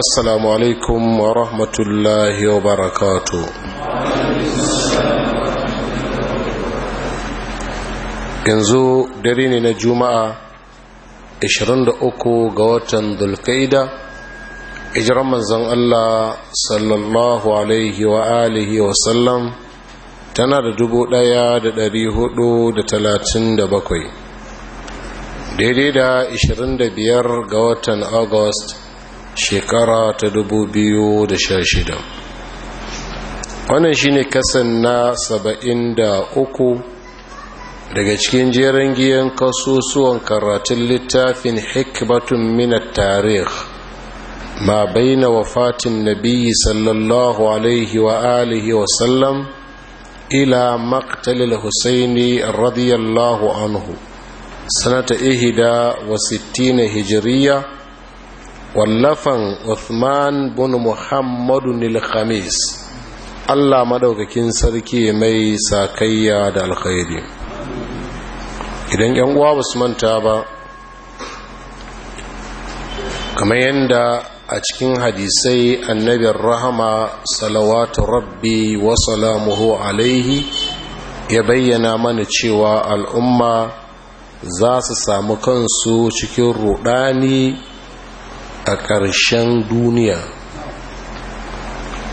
السلام عليكم ورحمة الله وبركاته yanzu dare ne na juma'a 23 ga watan dulkaida ijiran manzan Allah sallallahu alaihi wa alihi wa sallam tana da 1437 daidai da 25 ga watan agusta shekara ta dubu biyu da sha shida. wannan shine kasan na saba'in da uku daga cikin jerin giyan kasusuwan karatun littafin hikmatun minat tarih ma baina wafatin nabiyyi sallallahu alaihi wa alihi wa sallam ila maktalil husaini radiyallahu anhu sanata ihida wa sittina hijiriya wallafan Uthman bin Muhammadu Nil-Khamis Allah madaukakin sarki mai sakayya da alkhairi idan yan uwa basu manta ba kamar yanda a cikin hadisai annabin rahama salawatu rabbi wa salamuhu alaihi ya bayyana mana cewa al'umma za su samu kansu cikin rudani a ƙarshen duniya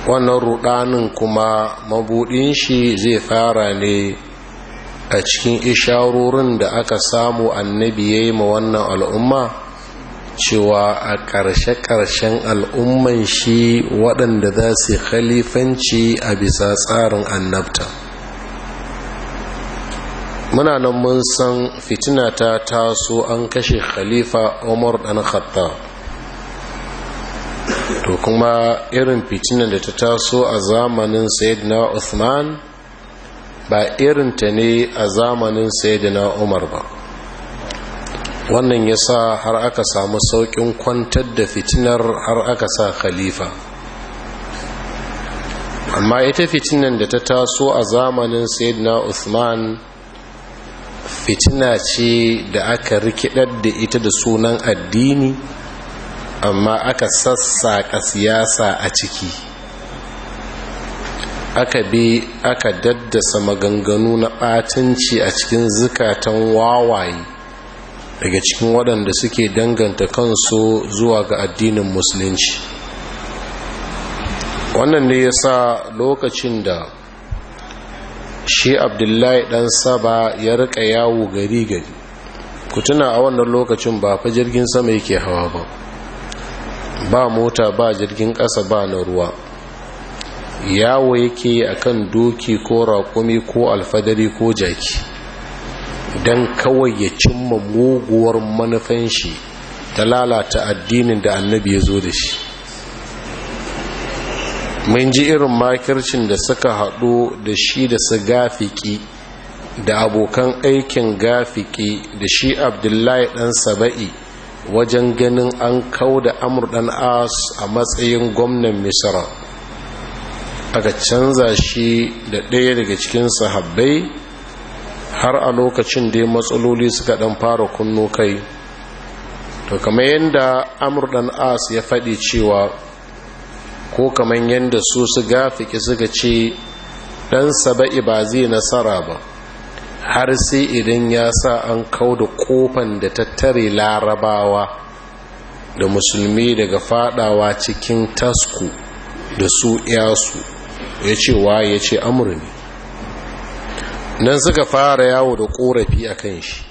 wannan rudanin kuma mabudin shi zai fara ne a cikin isharorin da aka samu annabi ya yi ma wannan al'umma cewa a ƙarshe-ƙarshen al'umman shi waɗanda za su khalifanci a bisa tsarin annabta muna nan mun san fitina ta taso an kashe khalifa umar dan khattab to kuma irin fitinan da ta taso a zamanin sayyidina Uthman ba irin ta ne a zamanin sayyidina Umar ba wannan yasa har aka samu saukin kwantar da fitinar har aka sa khalifa amma ita fitinan da ta taso a zamanin sayyidina Uthman fitina ce da aka rikidar da ita da sunan addini amma aka sassaƙa siyasa a ciki aka bi aka daddasa maganganu na ɓatanci a cikin zukatan wawaye daga cikin waɗanda suke danganta kansu zuwa ga addinin musulunci wannan ne ya sa lokacin da shi abdullahi ɗan saba ya rika yawo gari gari kutuna a wannan lokacin ba fa jirgin sama yake hawa ba ba mota ba jirgin ƙasa ba na ruwa yawo yake kan doki ko raƙumi ko alfadari ko jaki don kawai ya cimma muguwar manufan shi ta lalata addinin da annabi ya zo da shi mun ji irin makircin da suka haɗu da shi da su gafiki da abokan aikin gafiki da shi abdullahi ɗan saba'i wajen ganin an kau da amur dan as a matsayin gwamnan misra aka canza shi da ɗaya daga cikin sahabbai har a lokacin da matsaloli suka ɗan fara kunno kai to kamar yadda amur as ya faɗi cewa ko kamar yadda su su gafiki suka ce ɗan saba'i ba zai nasara ba har sai idan ya sa an kau da kofan da tattare larabawa da musulmi daga fadawa cikin tasku da su yasu ya ce wa ya ce amurni nan suka fara yawo da korafi a kan shi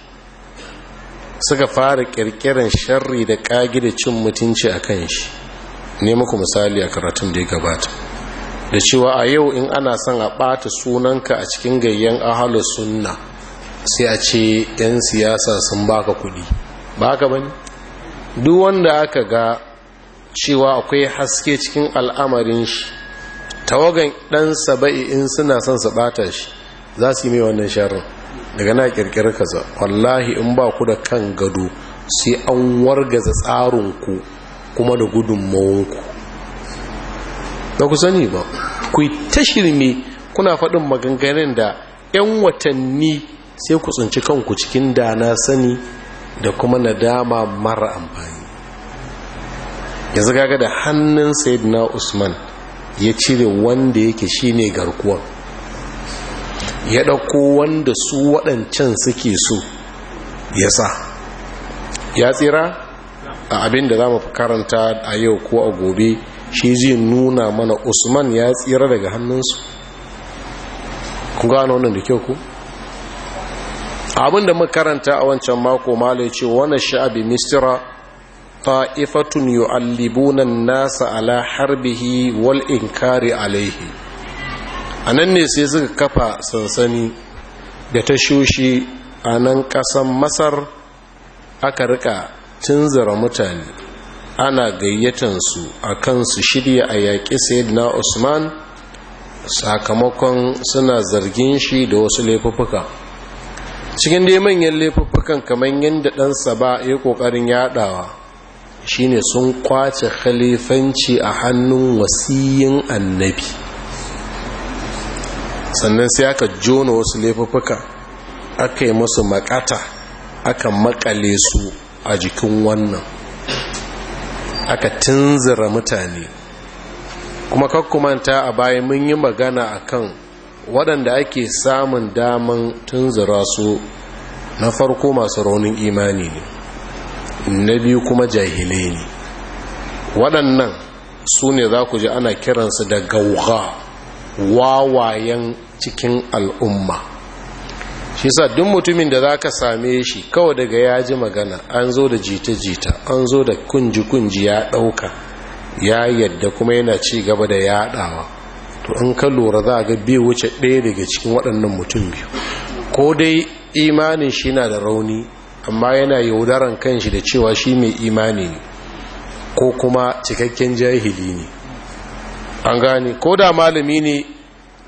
suka fara kirkiran sharri da kagi da cin mutunci a kan shi ne muku misali a karatun da ya gabata da cewa a yau in ana son a ɓata sunanka a cikin gayyan ahalus sunna sai a ce 'yan siyasa sun baka kudi ba ka bane duk wanda aka ga cewa akwai haske cikin al'amarin shi tawagan dan saba'i in suna son su bata shi za su yi mai wannan sharar daga na kirkirar za wallahi in ba ku da kan gado sai an wargaza tsarinku kuma da gudunmawanku da ku sani ba ku yi tashirme kuna faɗin maganganin da 'yan watanni sai ku tsinci kanku cikin dana sani da kuma nadama mara amfani yanzu gaga da hannun sayyidina usman ya cire wanda yake shine garkuwa ya ɗauko wanda su waɗancan suke so ya sa ya tsira a abin da za mu karanta a yau ko a gobe shi zai nuna mana usman ya tsira daga hannunsu Ku gano wannan da kyau ku abin da makaranta a wancan mako mala ya ce wani sha'abi misira ta'ifatun yu'allibunan nasa ala harbihi wal inkari alaihi a nan ne sai suka kafa sansani da ta tashoshi a nan ƙasan masar aka rika zara mutane ana gayyatansu a su shirya a yaƙi sayyidina usman sakamakon suna zargin shi da wasu laifuffuka cikin dai manyan laifuffukan kamar yadda ɗansa ba ya ƙoƙarin yaɗawa shine sun kwace khalifanci a hannun wasiyin annabi sannan sai aka jona wasu laifuffuka aka yi musu makata aka makale su a jikin wannan aka tunzura mutane kuma kakkumanta a bayan mun yi magana akan waɗanda ake samun daman tunzura su na farko masu raunin imani ne na biyu kuma jahilai ne waɗannan su ne za ku ji ana kiransu da gauha wawayen cikin al'umma shi sa duk mutumin da za ka same shi kawai daga ya ji magana an zo da jita-jita an zo da kunji-kunji ya ɗauka ya yadda kuma yana ci gaba da yaɗawa to in ka lura za a ga biyu wuce ɗaya daga cikin waɗannan mutum biyu ko dai imanin shi na da rauni amma yana yaudaran kanshi da cewa shi mai imani ne ko kuma cikakken jahili ne an gane ko da malami ne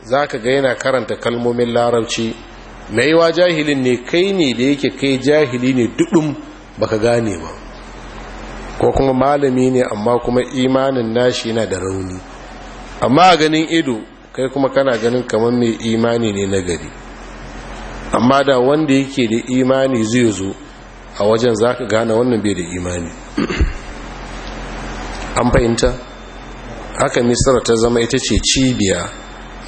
za ka ga yana karanta kalmomin larabci mai wa jahilin ne kai ne da yake kai jahili ne duɗin ka gane ba ko kuma malami ne amma kuma imanin nashi yana da rauni amma a ganin ido kai kuma kana ganin kamar mai imani ne na gari amma da wanda yake da imani zai zo a wajen za ka gane wannan bai da imani an fahimta haka misira ta zama ita ce cibiya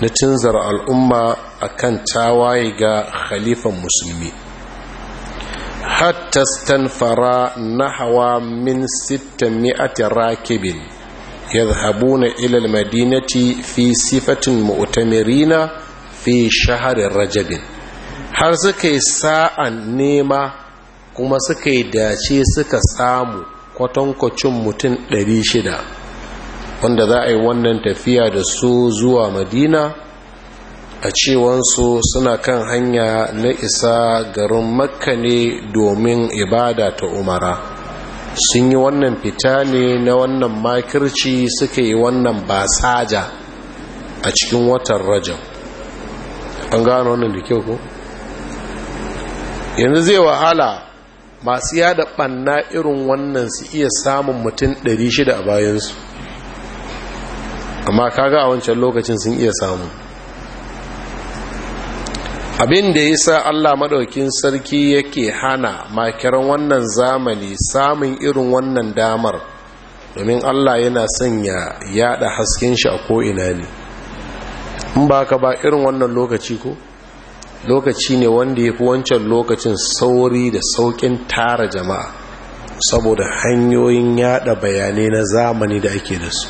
na tunzar al'umma a kan tawaye ga khalifan musulmi hatta stanfara na hawa min 600 rakibin يذهبون إلى المدينة madinati fi مؤتمرين mu'tamirina fi الرجب rajabin har suka yi sa'an nema kuma suka yi dace suka samu kwatankwacin mutum 600 wanda za a yi wannan tafiya da su zuwa madina a cewansu suna kan hanya na isa garin makka ne domin ibada ta umara sun yi wannan fita ne na wannan makirci suka yi wannan basaja a cikin watan rajab an gano wannan da kyau ko yanzu zai wahala masu yada banna irin wannan su iya samun mutum 600 a bayansu amma kaga a wancan lokacin sun iya samun abin da ya sa allah maɗaukin sarki yake hana makiran wannan zamani samun irin wannan damar domin allah yana sanya yada hasken shi a ko'ina ne in ba ka ba irin wannan lokaci ko lokaci ne wanda ya fi wancan lokacin sauri da saukin tara jama'a saboda hanyoyin yada bayanai na zamani da ake da su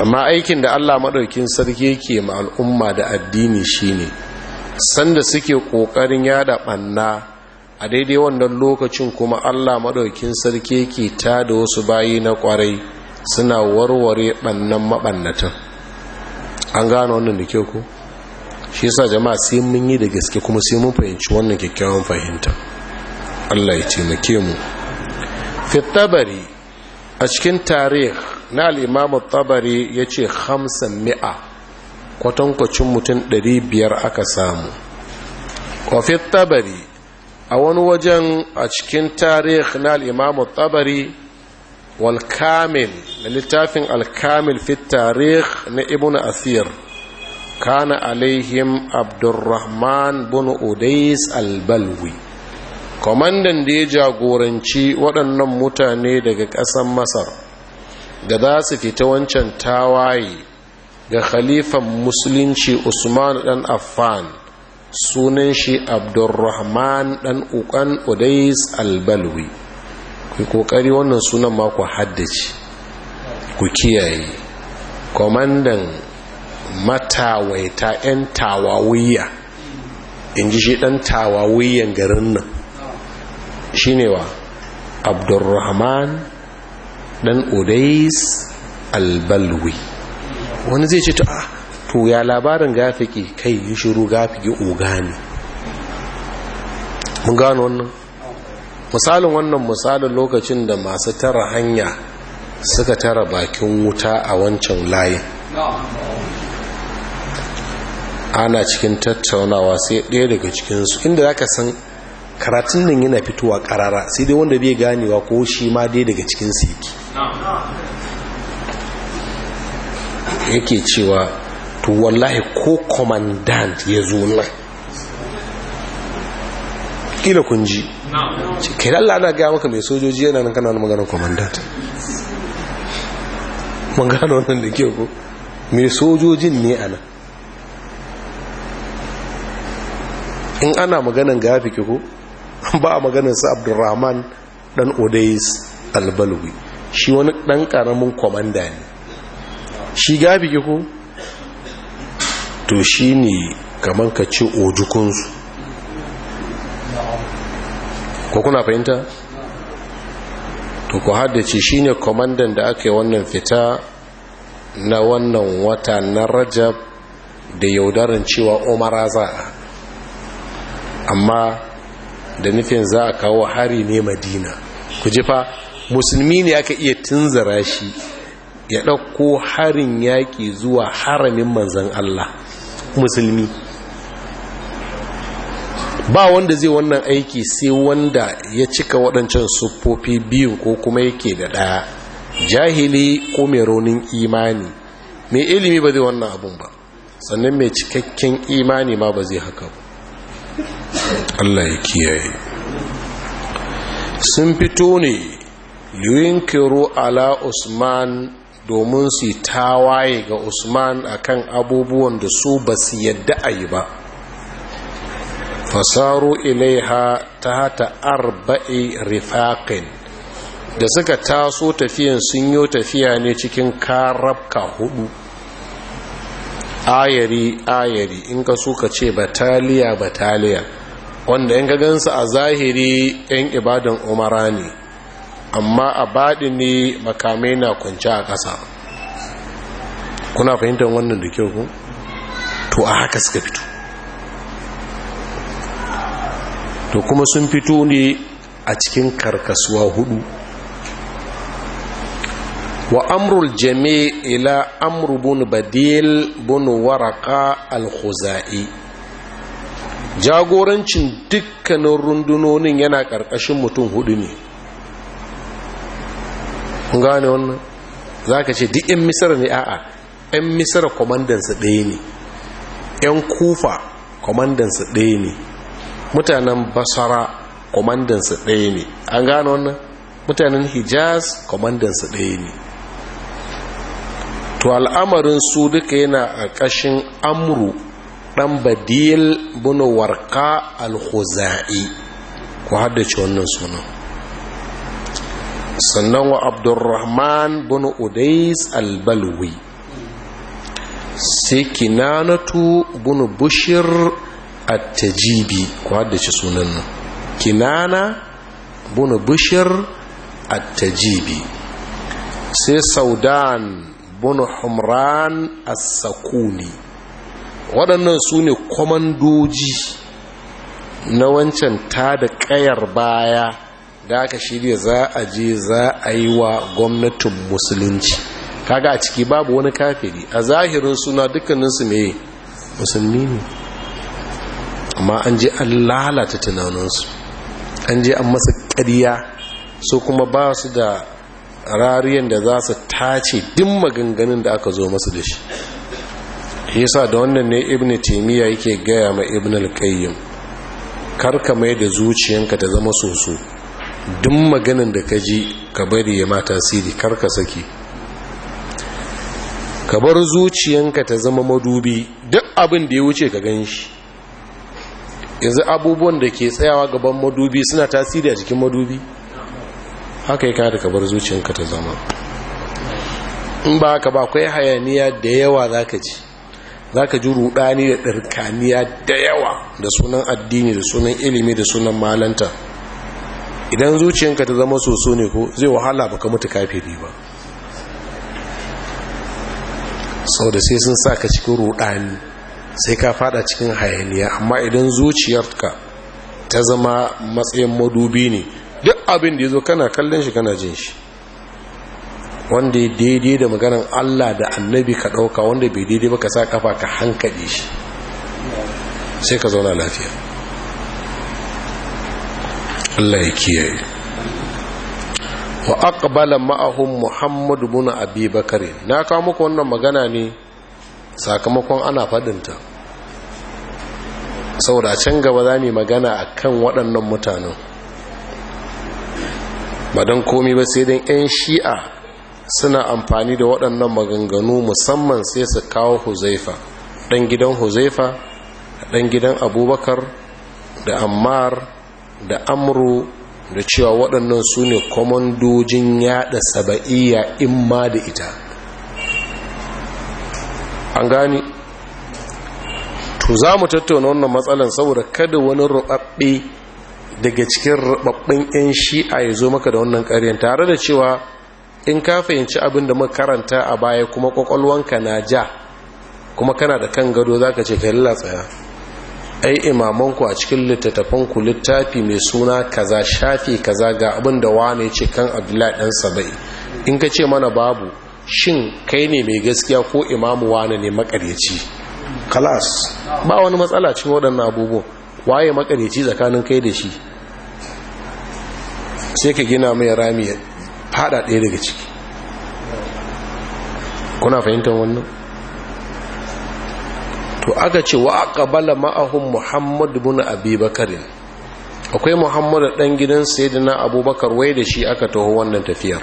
amma aikin da allah maɗaukin sarki yake ma al'umma da addini shine ne sanda suke ƙoƙarin yada ɓanna a daidai wannan lokacin kuma allah maɗaukin sarki ke ta da wasu bayi na kwarai suna warware ɓannan maɓannatan an gano wannan da kyau ko shi yasa jama'a sai mun yi da gaske kuma sai mun fahimci wannan kyakkyawan fahimta allah ya taimake mu fitabari a cikin tarih na al tabari ya ce yace mi'a kwatankwacin mutum 500 aka samu wafin tabari a wani wajen a cikin tarih na al'imamu tabari walkamil na littafin alkamil fi tarih na ibn asir kana alaihim abdurrahman bin udais albalwi kwamandan da ya jagoranci waɗannan mutane daga ƙasar masar da za su fita wancan tawaye ga khalifan musulunci usman dan affan sunan shi abdurrahman dan ukan albalwi ku kokari wannan sunan ma ku haddace ku kiyaye komandan matawaita 'yan tawawiyya in ji shi dan tawawiyyan garin nan shi ne wa abdurrahman dan odais albalwi wani zai ce ah, to ya labarin gafiki kai yi shiru gafiki oga ne mun gano wannan misalin wannan misalin lokacin da masu tara hanya suka tara bakin wuta a wancan layin ana cikin tattaunawa sai ɗaya daga cikinsu inda za ka san karatun nan yana fitowa karara sai dai wanda bai ganewa ko shi ma dai daga cikin siki yake cewa to wallahi ko commandant ya zo nan kila kun ji kai Allah ana gaya maka mai sojoji yana nan kana maganar commandant mun gano wannan da ke ko mai sojojin ne ana in ana maganar gafi ke ko ba a maganar su abdurrahman dan odais albalwi shi wani dan karamin commandant ne shi gabi ko to shi ne kamar ka ci ojukunsu ko kuna fahimta to ku haddace shi ne kwamandan da aka yi wannan fita na wannan wata na rajab da yaudarin cewa umara za a amma da nufin za a kawo hari ne madina ku jifa fa musulmi ne aka iya tunzara shi ya ɗauko harin yaƙi zuwa haramin manzan Allah musulmi ba wanda zai wannan aiki sai wanda ya cika waɗancan siffofi biyu ko kuma yake da ɗaya jahili ko mai raunin imani mai ilimi ba zai wannan abun ba sannan mai cikakken imani ma ba zai haka ba Allah ya kiyaye sun fito ne yuyin kiro ala usman domin su yi tawaye ga usman akan abubuwan da su ba su yadda a yi ba fasaru ilaiha ta hata arba'i rifaqin da suka taso tafiyan sun yi tafiya ne cikin karabka hudu ayari ayari in ka suka ce bataliya bataliya wanda in ka gansu a zahiri 'yan ibadan umara ne amma a baɗi ne makamai na kwanci a ƙasa kuna fahimtar wannan da kyau kun? to a haka suka fito to kuma sun fito ne a cikin karkasuwa hudu wa amrul jami ila amru bun badil bun waraka al jagorancin dukkanin rundunonin yana ƙarƙashin mutum hudu ne kun gane wannan za ka ce duk 'yan misira ne a'a 'yan misira kwamandansa ɗaya ne 'yan kufa kwamandansa ɗaya ne mutanen basara kwamandansa ɗaya ne an gane wannan mutanen hijaz kwamandansa ɗaya ne to al'amarin su duka yana a ƙashin amru ɗan badil bin ka alhuzai ku haddace wannan sunan sannan wa abdurrahman bin udais albalwi sai kinanatu bin bushir attajibi ku haddace sunan nan kinana bin bushir attajibi sai saudan bin humran as-sakuni waɗannan su ne kwamandoji na wancan ta da ƙayar baya da aka shirya za a je za a yi wa gwamnatin musulunci kaga a ciki babu wani kafiri a zahirin suna dukkaninsu mai musulmi ne amma an je an lalata tunaninsu an je an masa ƙarya su kuma ba su da rariyan da za su tace duk maganganun da aka zo masu da shi yasa da wannan ne ibn taimiyya yake gaya ma ibn al kar ka mai da zuciyanka ta zama soso duk maganin da ka ji ka bari ya mata siri kar ka saki ka bar zuciyanka ta zama madubi duk abin da ya wuce ka gan shi yanzu abubuwan da ke tsayawa gaban madubi suna tasiri a jikin madubi haka ya kada ka bar zuciyanka ta zama in ba haka ba akwai hayaniya da yawa za ka ji za ka ji rudani da ɗarkaniya da yawa da sunan addini da sunan ilimi da sunan malanta idan zuciyanka ta zama soso ne ko zai wahala baka mutu kafiri ba sau da sai sun sa ka cikin rudani sai ka fada cikin hayaniya amma idan zuciyarka ta zama matsayin madubi ne duk abin da ya zo kana kallon shi kana jin shi wanda ya daidai da maganan Allah da annabi ka ɗauka wanda bai daidai ba ka sa kafa ka hankali shi sai ka zauna lafiya Allah ya kiyaye wa aqbala ma'ahum Muhammad ibn Abi Bakr na kawo muku wannan magana ne sakamakon ana ta saboda can gaba za mu magana akan waɗannan mutanen ba don komi ba sai dan 'yan shi'a suna amfani da waɗannan maganganu musamman sai su kawo huzaifa ɗan gidan huzaifa ɗan gidan abubakar da ammar da amru da cewa waɗannan su ne kwamandojin yada saba'iyya in ma da ita an gani to za mu tattauna wannan matsalan saboda kada wani rubabbe daga cikin rubabbin 'yan shi'a ya zo maka da wannan ƙaryan tare da cewa in ka fahimci abin da muka karanta a baya kuma kwakwalwanka na ja kuma kana da kan gado za ka ce ka yi tsaya ai imamanku a cikin littattafanku littafi mai suna kaza shafi kaza ga abin da wane ce kan abdullahi dan saba'i in ka ce mana babu shin kai ne mai gaskiya ko imamu wane ne makaryaci kalas ba wani matsala cikin waɗannan abubuwa waye makaryaci tsakanin kai da shi sai ka gina mai rami fada ɗaya daga ciki kuna fahimtar wannan to aka ce wa aqbala ma'ahum muhammad ibn abubakar akwai muhammad dan gidan sayyidina abubakar wai da shi aka taho wannan tafiyar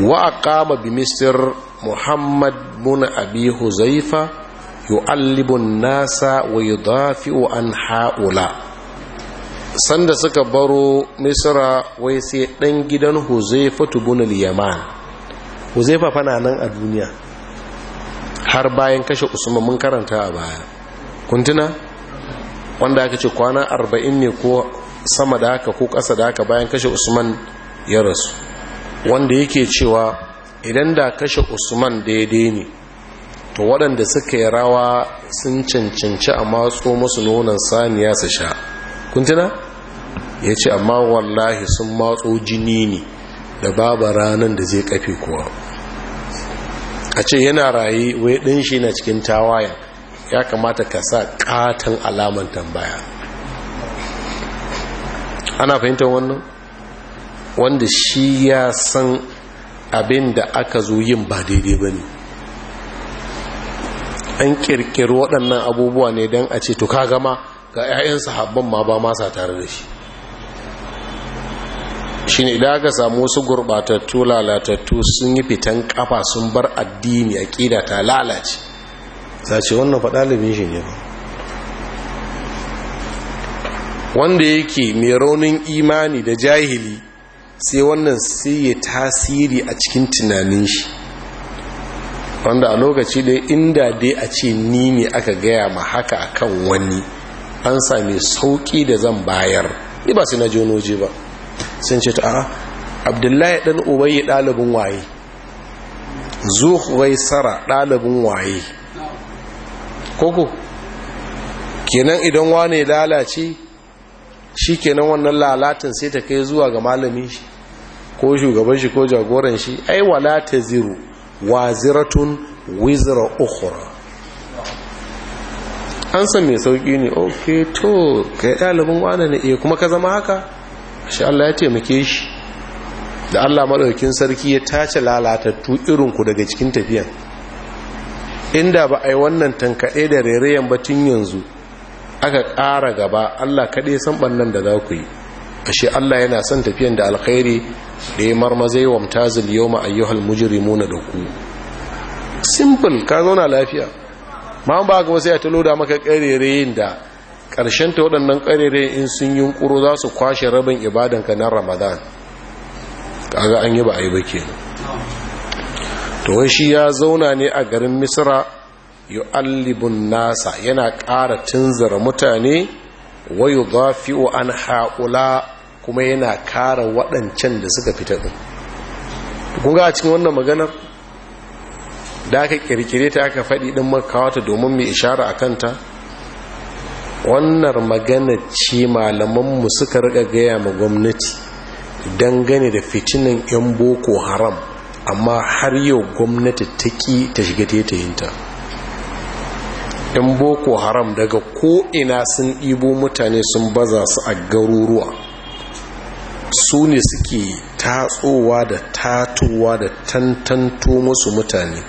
wa aqama bi misr muhammad ibn abi huzaifa yu'allibu an-nasa wa yudafi'u an ha'ula' sanda suka baro misra wai sai dan gidan huzaifa al yaman huzaifa fana nan a duniya har bayan kashe usman mun karanta a baya kuntuna wanda aka ce kwana arba'in ne ko sama da haka ko ƙasa da haka bayan kashe usman ya rasu wanda yake cewa idan da kashe usman daidai ne to waɗanda suka yi rawa sun cancanci a matso musu nonon saniya su sha kuntuna ya ce amma wallahi sun matso jini ne da babu ranar da zai kafe kuwa a ce yana rayu wai ɗin shi na cikin tawayan ya kamata ka sa katon alaman tambaya ana fahimta wannan wanda shi ya san abin da aka zo yin ba daidai ba ne an kirkiri waɗannan abubuwa ne don a ce to ka gama ga 'ya'yan sahabban ma ba masa tare da shi shine da aka samu wasu gurbatattu lalatattu sun yi fitan kafa sun bar addini aqida ta lalace ce wannan faɗa dalibin shi ne ba wanda yake mai raunin imani da jahili sai wannan sai ya tasiri a cikin tunanin shi wanda a lokaci da inda dai a ce ni ne aka gaya ma haka akan wani an sami sauki da zan bayar ni ba su na jonoji ba sun ce ta abdullahi dan ubayi dalibin waye zuhuwai sara dalibin waye koko kenan idan wane lalace shi kenan wannan lalatin sai ta kai zuwa ga malamin shi ko shugaban shi ko jagoran shi ai wala ta ziru waziratun wizra ukhra an san mai sauki ne ok to kai dalibin wane ne eh, kuma ka zama haka shi Allah ya taimake shi da Allah maɗaukin sarki ya tace lalatattu irinku daga cikin tafiyan inda ba a yi wannan tankaɗe da rairayen batun yanzu aka ƙara gaba Allah kaɗai san ɓannan da za ku yi ashe Allah yana son tafiyan da alkhairi da ya marmazai wa mutazil yau ma'ayyuhal mujirimuna da ku simple ka zauna lafiya ma ba ga wasu ya talo da maka ƙarerayin da ƙarshen ta waɗannan ƙarere in sun yi ƙuro za su kwashe rabin ibadanka na ramadan kaga an yi ba a yi ba kenan to wai shi ya zauna ne a garin misira. misra allibin nasa yana ƙara tunzara mutane wa yudhafi'u an haƙula kuma yana kara waɗancan da suka fita ɗin kun a cikin wannan maganar da aka kirkire ta aka faɗi ɗin makawata domin mai ishara a kanta wannan magana ce malamanmu suka riga gaya ma gwamnati dangane da fitinin 'yan boko haram amma har yau gwamnati ta ki ta shiga yinta yan boko haram daga ko'ina sun ibo mutane sun baza su a garuruwa su ne suke tatsowa da tatowa da tantanto musu mutane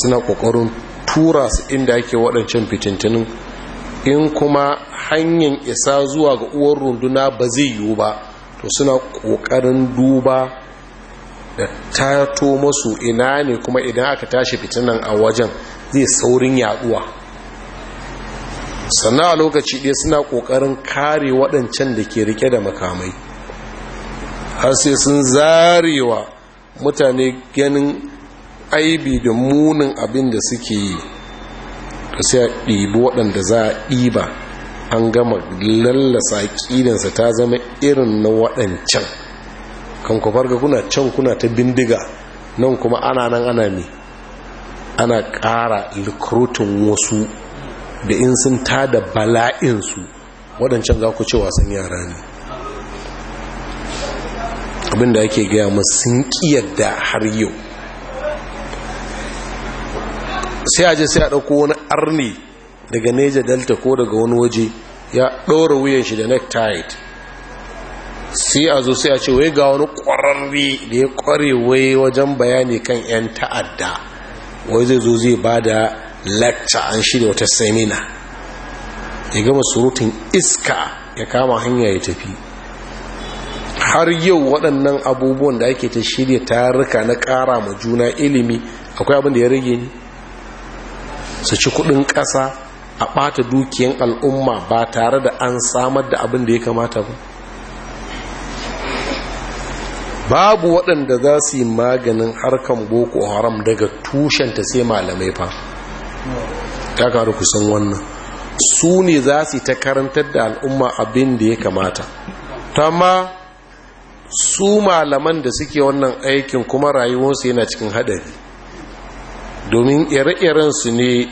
suna ƙoƙarin tura su inda ake waɗancan fitintunin in kuma hanyar isa zuwa ga uwar runduna ba zai yiwu ba to suna ƙoƙarin duba da tato masu ina ne kuma idan aka tashi fitinan a wajen zai saurin yaduwa sannan a lokaci ɗaya suna ƙoƙarin kare waɗancan da ke rike da makamai har sai sun zarewa mutane ganin aibi da munin abin da suke yi Ka sai a ɗibi waɗanda za a ɗiba an gama lallasa ƙidansa ta zama irin na waɗancan kan ku farga kuna can kuna ta bindiga nan kuma ana nan ana ne ana ƙara likrutin wasu da in sun tada bala'insu waɗancan za ku ce wasan yara ne abinda ake gaya masu sun ƙiyar da har yau sai aje sai a ɗauko wani arni daga neja delta ko daga wani waje ya ɗora wuyan shi da necktie sai a zo sai a ce wai ga wani ƙwararri da ya ƙware wai wajen bayani kan 'yan ta'adda wai zai zo zai ba da lecture an shirya wata semina ya gama surutun iska ya kama hanya ya tafi har yau waɗannan abubuwan da ake ta shirya tarika na ƙara ma juna ilimi akwai abin da ya rage ni su ci kudin ƙasa a ɓata dukiyan al'umma ba tare da an samar da abin da ya kamata ba babu waɗanda za su yi maganin harkan boko haram daga tushenta sai malamai fa ta karu kusan wannan su ne za su ta karantar da al'umma abin da ya kamata ta su malaman da suke wannan aikin kuma rayuwarsu yana cikin haɗari domin ire-irensu ne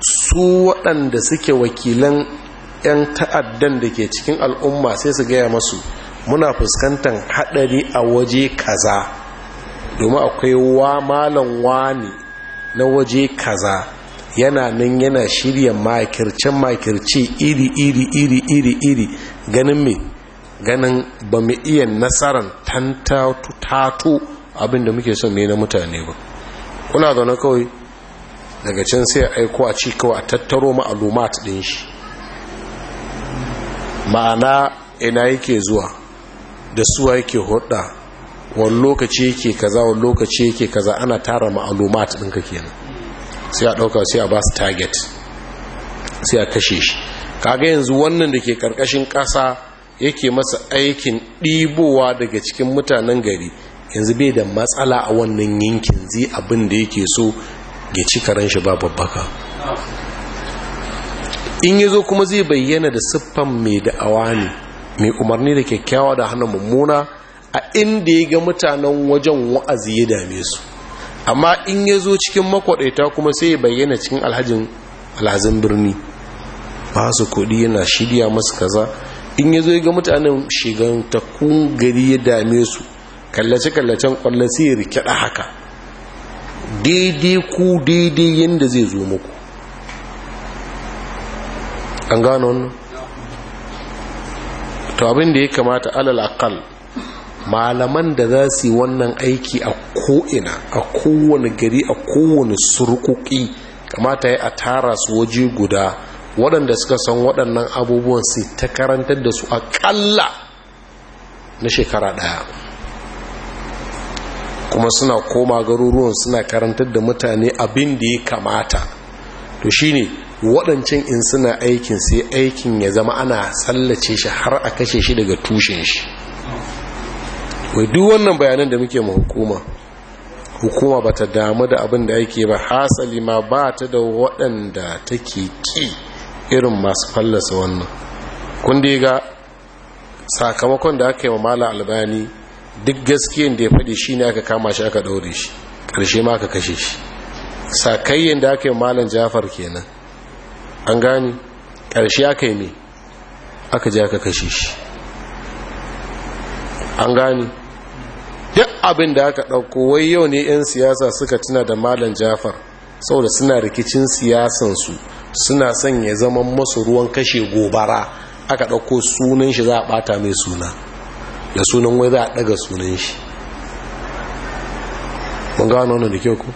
su waɗanda suke wakilan 'yan ta'addan da ke cikin al'umma sai su gaya masu muna fuskantar haɗari a waje kaza domin akwai wa malam wani na waje kaza yana nan yana shirya makircin makirce iri iri iri iri iri ganin me ganin ba mu iya nasarar tantato abinda muke son ne na mutane ba kuna zaune kawai daga can sai aiko a ci kawai a tattaro ma'alumat ɗin shi ma'ana ina yake zuwa da suwa yake hudda wani lokaci yake kaza wani lokaci yake kaza ana tara ma'alumat ɗinka kenan sai a ɗauka sai a ba su target sai a kashe shi kaga yanzu wannan da ke karkashin ƙasa yake masa aikin ɗibowa daga cikin mutanen gari yanzu bai da matsala a wannan yankin zai abin da yake so ya ci karen shi ba babbaka in ya zo kuma zai bayyana da siffan mai da'awa ne mai umarni da kyakkyawa da hannun mummuna a inda ya ga mutanen wajen wa'azi ya dame su amma in ya zo cikin makwadaita kuma sai ya bayyana cikin alhajin alhazin birni ba su kudi yana shirya masu kaza in ya zo ya ga mutanen shigantakun gari ya dame su kallace-kallacen kwallon sai ya rikida haka daidai ku daidai yadda zai zo muku an gano wannan to abin da ya kamata alal akal malaman da za su yi wannan aiki a ko'ina a kowane gari a kowane surkuki kamata ya a tara su waje guda waɗanda suka san waɗannan abubuwan su ta karantar da su a aƙalla na shekara ɗaya kuma suna koma garuruwan suna karantar da mutane abin da ya kamata to shi ne waɗancan in suna aikin sai aikin ya zama ana tsallace shi har a kashe shi daga tushen shi wai duk wannan bayanan da muke ma hukuma hukuma ba ta damu da abin da ake ba hasali ma ba ta da waɗanda take ki irin masu fallasa wannan kun ga sakamakon da aka yi wa mala albani duk gaskiyar da ya faɗi shi ne aka kama shi aka ɗaure shi ƙarshe ma aka kashe shi sakayyen da aka yi malam jafar kenan an gani ƙarshe aka yi ne aka ji aka kashe shi an gani duk abin da aka ɗauko wai yau ne 'yan siyasa suka tuna da malam jafar saboda suna rikicin siyasansu suna son ya zama masu ruwan kashe gobara aka ɗauko sunan shi za a ɓata mai suna da sunan wai za a daga sunan shi mun gano wannan da kyau ku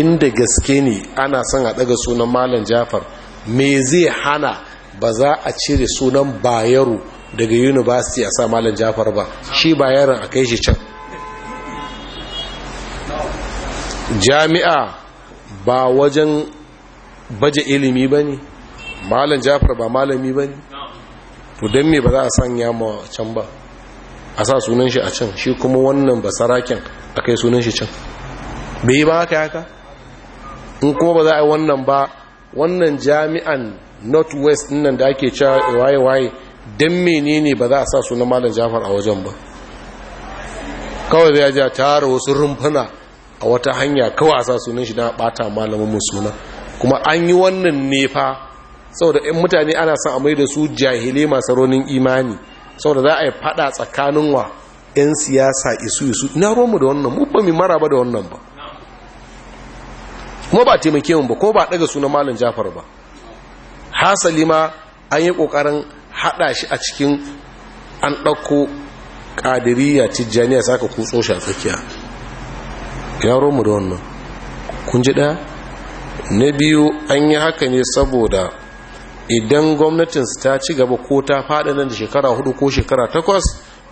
inda gaske ne ana son a daga sunan malam jafar me zai hana ba za a cire sunan bayero daga university a sa malam jafar ba shi bayaron a kai shi can jami'a ba wajen baje ilimi ba ne malam jafar ba malami ba ne to don me ba za a sanya ma can ba a sa sunan shi a can shi kuma wannan ba saraken a kai sunan shi can bai yi ba haka haka in kuma ba za a yi wannan ba wannan jami'an northwest nan da ake cewa waye-waye don menene ba za a sa sunan malam jafar a wajen ba kawai zai ajiya tara wasu rumfuna a wata hanya kawai a sa sunan shi na a bata malamin suna kuma an yi wannan nefa saboda yan mutane ana sa a mai da su jahilai masu ronin imani saboda za a yi fada tsakanin wa 'yan siyasa isu isu na romu da wannan mu ba mai ba da wannan ba kuma ba taimake mu ba ko ba daga sunan malam jafar ba hasali ma an yi kokarin hada shi a cikin an ɗauko ƙadiriya tijjaniya saka ku a tsakiya Ya romu da wannan kun ji ɗaya na biyu an yi haka ne saboda idan gwamnatin ta ci gaba ko ta faɗa nan da shekara hudu ko shekara takwas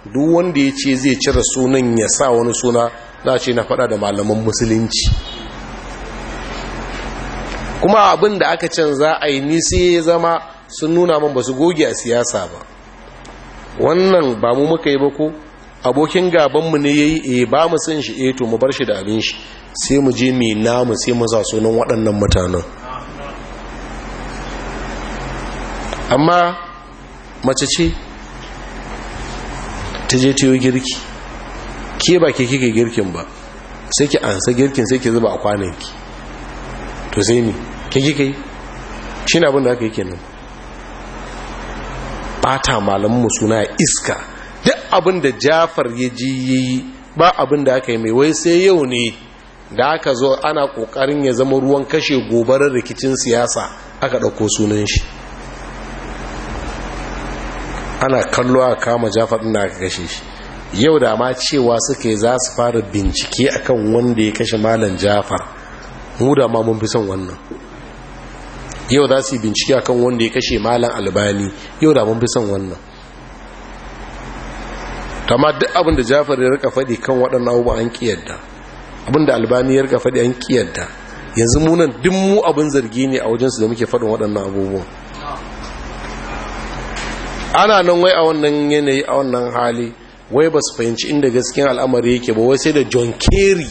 duk wanda ya ce zai cire sunan ya sa wani suna za ce na faɗa da malaman musulunci kuma abin da aka canza a yi nisi ya zama sun nuna man basu su goge a siyasa ba wannan ba mu muka yi ba ko abokin gabanmu ne ya yi e ba mu sun shi e to mu bar shi da abin shi sai mu je mai namu sai mu sa sunan waɗannan mutanen amma mace ce ta je ta yi girki ke ba ke kike girkin ba sai ki ansa girkin sai ki zuba a kwananki to sai ne ke kike yi shi na abin da aka nan kenan bata malamin suna iska duk abin da jafar ya ji yi ba abin da aka yi mai wai sai yau ne da aka zo ana kokarin ya zama ruwan kashe gobarar rikicin siyasa aka ɗauko sunan shi ana kallo a kama jafar ɗin aka kashe shi yau da ma cewa suke za su fara bincike akan wanda ya kashe malam jafar mu da ma mun fi son wannan yau za su yi bincike akan wanda ya kashe malam albani yau da mun fi son wannan amma duk abin da jafar ya rika faɗi kan waɗannan abubuwa an ƙiyarda abin da albani ya rika faɗi an ƙiyarda yanzu munan duk mu abin zargi ne a wajensu da muke faɗin waɗannan abubuwa. ana nan wai a wannan yanayi a wannan hali wai ba su fahimci inda gaskiyar al'amari yake ba wai sai da john kerry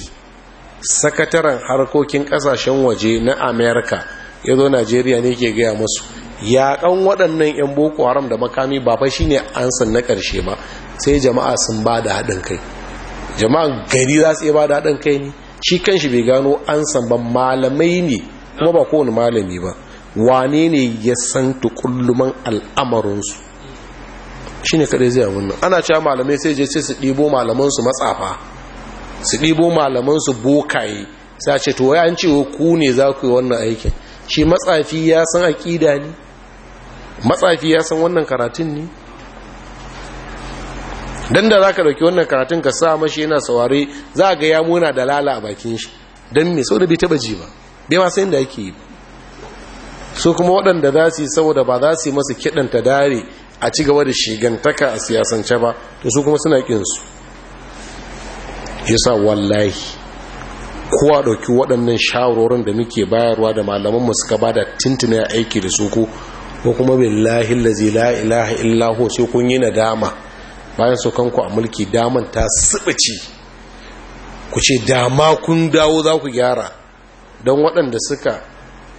sakataren harkokin kasashen waje na america ya zo najeriya ne ke gaya musu yaƙan waɗannan 'yan boko haram da makami ba fa shine ansan na ƙarshe ba sai jama'a sun ba da haɗin kai jama'a gari za su iya ba da haɗin kai ne shi kanshi bai gano ansan ba malamai ne kuma ba kowane malami ba wane ne ya san tukulluman al'amarinsu ne kaɗai zai wannan ana cewa malamai sai je sai su ɗibo malaman su matsafa su ɗibo malaman su bokaye sai ce to ya ce ku ne za ku yi wannan aikin shi matsafi ya san aƙida ne matsafi ya san wannan karatun ne Don da za ka ɗauki wannan karatun ka sa mashi yana saware za ga ya muna da lala a bakin shi don me da bai taba ji ba bai ma san da ake yi su kuma waɗanda za su yi saboda ba za su yi masu kiɗan ta dare a ci gaba da shigantaka a siyasance ba to su kuma suna kinsu yasa wallahi kowa ɗauki waɗannan shawarorin da muke bayarwa da malaman malamanmu suka ba da tintini aiki da su ko ko kuma billahi lazi la ilaha sai kun yi nadama bayan su kanku a mulki daman ta sibici ku ce dama kun dawo za ku gyara don waɗanda suka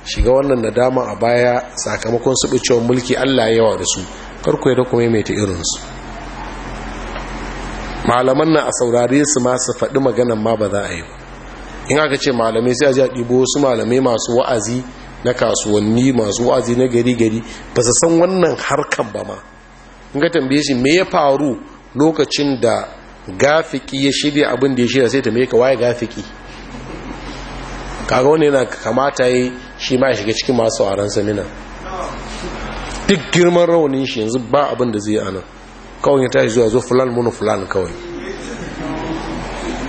shiga wannan nadama a baya sakamakon su mulki Allah yawa da su karku ya da kuma maimaita irinsu malaman na a saurari su masu faɗi maganan ma ba za a yi in aka ce malamai sai a ja a ɗibo wasu malamai masu wa'azi na kasuwanni masu wa'azi na gari-gari ba su san wannan harkan ba ma in ka tambaye shi me ya faru lokacin da gafiki ya shirya abinda da ya shirya sai ta ka kawai gafiki kaga wani yana kamata yi shi ma shiga cikin masu waran samina duk girman rawanin shi yanzu ba abin da zai anan kawai ya tashi zuwa zo fulan mono fulan kawai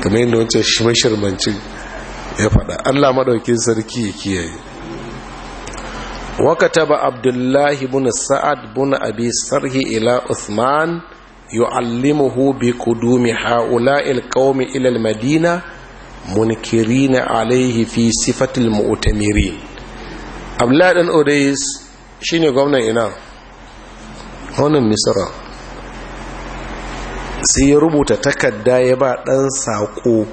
kamar yadda wancan shi mai shirmanci ya faɗa allah maɗaukin sarki ya kiyaye waka abdullahi buna sa'ad buna abi sarhi ila uthman yu'allimuhu bi kudumi ha'ula'il qaumi ila al-madina munkirina alayhi fi sifatil mu'tamirin abdullahi dan odays Shi ne gwamnan ina honin Misira sai ya rubuta takarda ya ba ɗan saƙo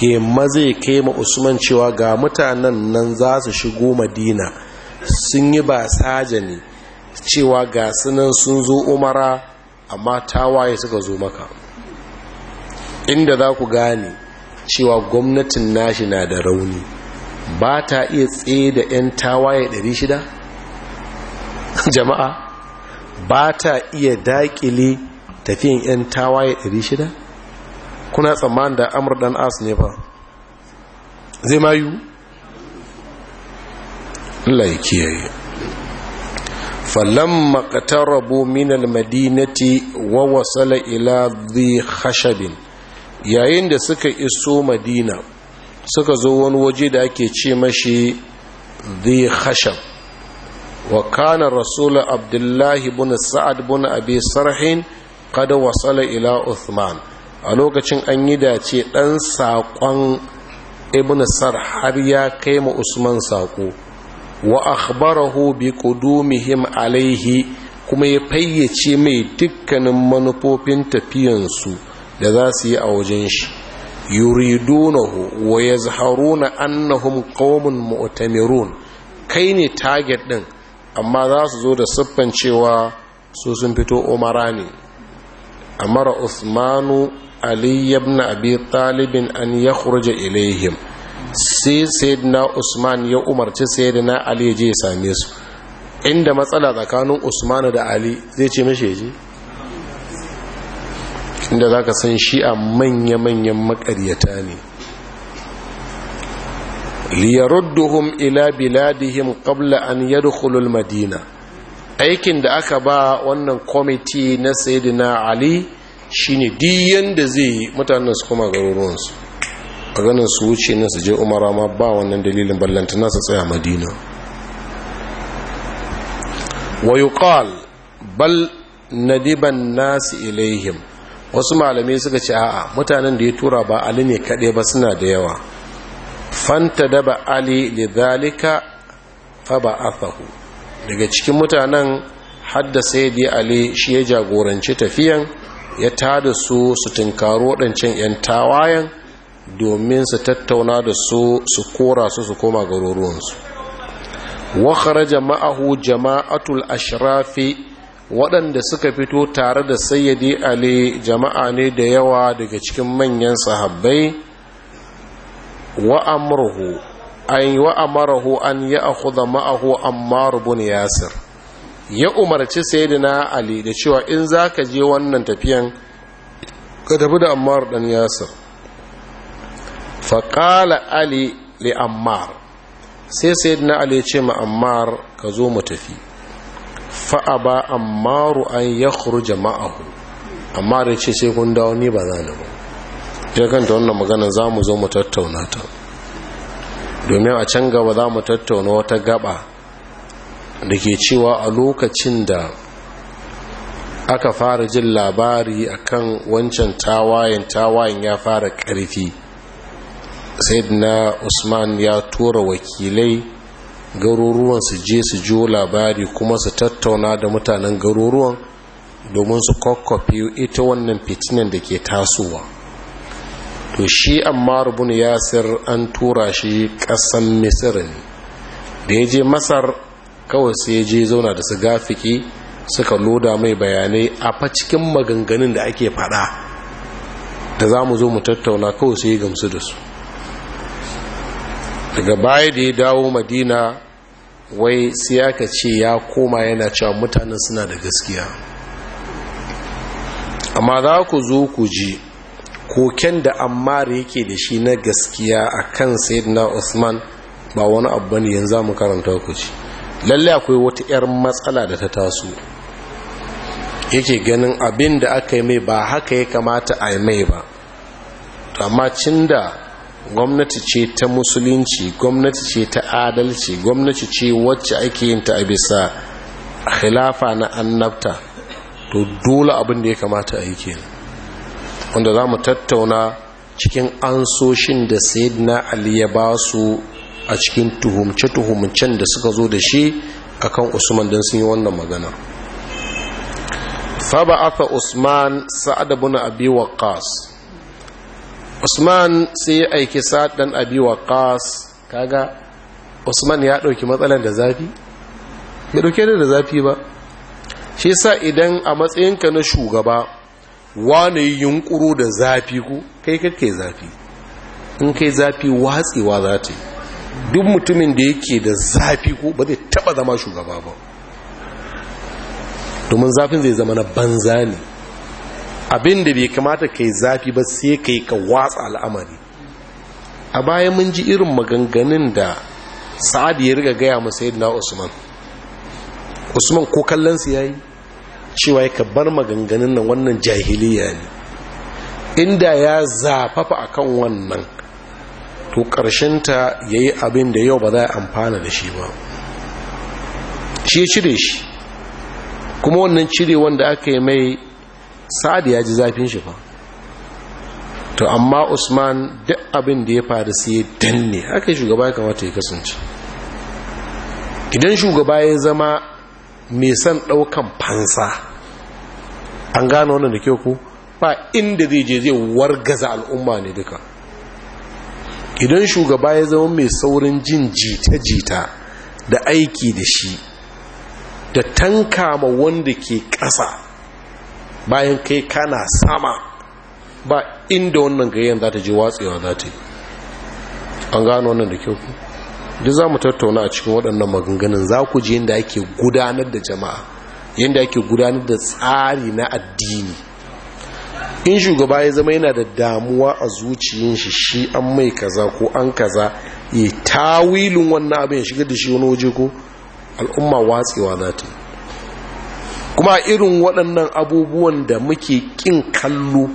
ya maza ya kai ma usman cewa ga mutanen nan za su shigo madina sun yi ba sajani cewa ga sunan sun zo umara amma tawaye suka zo maka inda za ku gane cewa gwamnatin nashi na da rauni ba ta iya tsaye da 'yan tawaye 600 jama'a ba ta iya daƙile tafiyan 'yan tawaye 600 kuna tsammanin da amur dan as ne ba zai mayu Allah ya kiyaye makatar rabu minal madinati wa wasala ila zai khashabin yayin da suka iso madina suka zo wani waje da ake ce mashi zai khashab wa kana rasul abdullah ibn sa'ad ibn abi sarhin qad ila uthman a lokacin anyi dace dan saƙon ibn sar har ya kai ma usman saƙo wa akhbarahu bi qudumihim alaihi kuma ya fayyace mai dukkanin manufofin tafiyansu da za su yi a wajen shi yuridunahu wa yazharuna annahum qaumun mu'tamirun kai ne taget din amma za su zo da siffan cewa su sun fito umara ne amara usmanu ali ibn abi talibin an ya khurja ilaihim sai sayyidina usman ya umarci sayyidina ali ya je ya same su inda matsala tsakanin usman da ali zai ce mishi je inda zaka san shi a manya-manyan makaryata ne liyarudduhum ila biladihim qabla an yadkhulu madina aikin da aka ba wannan kwamiti na sayyidina ali shine diyan da zai mutanen su kuma garuruwansu a ganin su wuce na su je umara ma ba wannan dalilin ballanta nasa tsaya madina wa yuqal bal nadiban nasu ilaihim wasu malamai suka ce a'a mutanen da ya tura ba ali ne kaɗai ba suna da yawa fanta ba ali zalika fa fahu daga cikin mutanen hadda sayyidi ali shi ya jagoranci tafiyan ya tada su su tinkaro waɗancan 'yan tawayen domin su tattauna da su su kora su su koma garuruwansu wakharaja ma'ahu jama'atul Ashirafi waɗanda suka fito tare da Sayyadi ali jama'a ne da yawa daga cikin manyan sahabbai wa amruhu an yi amarahu an ma'ahu ammar ibn yasir ya umarci sayyidina ali da cewa in zaka je wannan tafiyan ka tafi da ammar dan yasir fa qala ali li ammar sai sayyidina ali ya ce ma ammar ka zo mu tafi fa aba ammar an yakhruja ma'ahu ammar ya ce sai kun dawo ni ba za ni ba ta kanta wannan magana za mu zo mu tattauna ta domin a can gaba za mu tattauna wata gaba da ke cewa a lokacin da aka fara jin labari akan wancan tawayen tawayen ya fara ƙarfi na usman ya tura wakilai garuruwan su je su jo labari kuma su tattauna da mutanen garuruwan domin su kokkofi ita wannan fitinan da ke tasowa to shi ammar bin yasir an tura shi kasan misir ne da ya je masar kawai sai ya je zauna da su gafiki suka loda mai bayanai a fa cikin maganganun da ake faɗa da za mu zo mu tattauna kawai sai ya gamsu da su daga baya da ya dawo madina wai siyaka ce ya koma yana cewa mutanen suna da gaskiya amma za ku zo ku ji koken da ammar yake da shi na gaskiya a kan sayyidina usman ba wani abu ne yanzu mu karanta ku ci lalle akwai wata 'yar matsala da ta taso yake ganin abin da aka yi mai ba haka ya kamata a yi mai ba amma cin da gwamnati ce ta musulunci gwamnati ce ta adalci gwamnati ce wacce ake yin ta a bisa khilafa na annabta to dole abin da ya kamata a yi kenan wanda za mu tattauna cikin ansoshin da sayyidina ali ya ba su a cikin tuhumce-tuhumcen da suka zo da shi akan usman don sun yi wannan magana aka usman sa'ad buna abi waqqas usman sai ya aiki sa'adan abi waqqas kaga usman ya dauki matsalan da zafi bai dauke da zafi ba shi sa idan a matsayinka na shugaba wane yunkuru da zafi ku kai kai zafi in kai zafi watsewa za ta yi duk mutumin da yake da zafi ko ba zai taba zama shugaba ba domin zafin zai zama na banza ne abin da bai kamata kai zafi ba sai kai ka watsa al'amari a bayan mun ji irin maganganun da sa'ad ya riga gaya masu yadda na usman usman ko kallon su yayi cewa ya bar maganganun nan wannan jahiliya ne inda ya zafafa akan wannan to ta ya yi abin da yau ba za a amfana da shi ba shi ya cire shi kuma wannan cire wanda aka yi mai sa'ad ya ji zafin shi ba to amma usman duk abin da ya faru sai ya danne haka shugaba ya kamata ya kasance idan shugaba ya zama mai san ɗaukan fansa an gano wannan da ke ku ba inda zai je zai wargaza al'umma ne duka idan shugaba ya zama mai saurin jin jita-jita da aiki da shi da tankama wanda ke ƙasa bayan kai kana sama ba inda wannan gayyan za ta je watsewa za ta yi an gano wannan da ke ku duk za mu tattauna a cikin waɗannan maganganun za ku ji yadda ake gudanar da jama'a yadda ake gudanar da tsari na addini in shugaba ya zama yana da damuwa a zuciyin shi shi an mai kaza ko an kaza ya tawilin wannan abin shiga da shi wani waje ko al'umma watsewa na ta kuma irin waɗannan abubuwan da muke ƙin kallo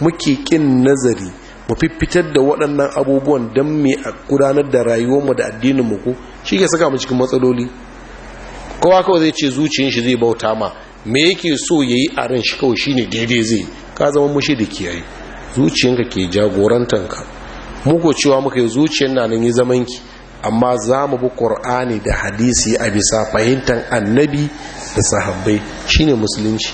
muke ƙin nazari mu fifitar da waɗannan abubuwan don mai a gudanar da rayuwarmu da addininmu ko shi ke saka mu cikin matsaloli kowa kawai zai ce zuciyar shi zai bauta ma me yake so ya yi a ran shi kawai shine daidai zai ka zama mushi da kiyaye zuciyanka ke jagorantanka muku cewa muka yi zuciyar na nan yi ki. amma za mu bi ƙur'ani da hadisi a bisa fahimtar annabi da sahabbai shine musulunci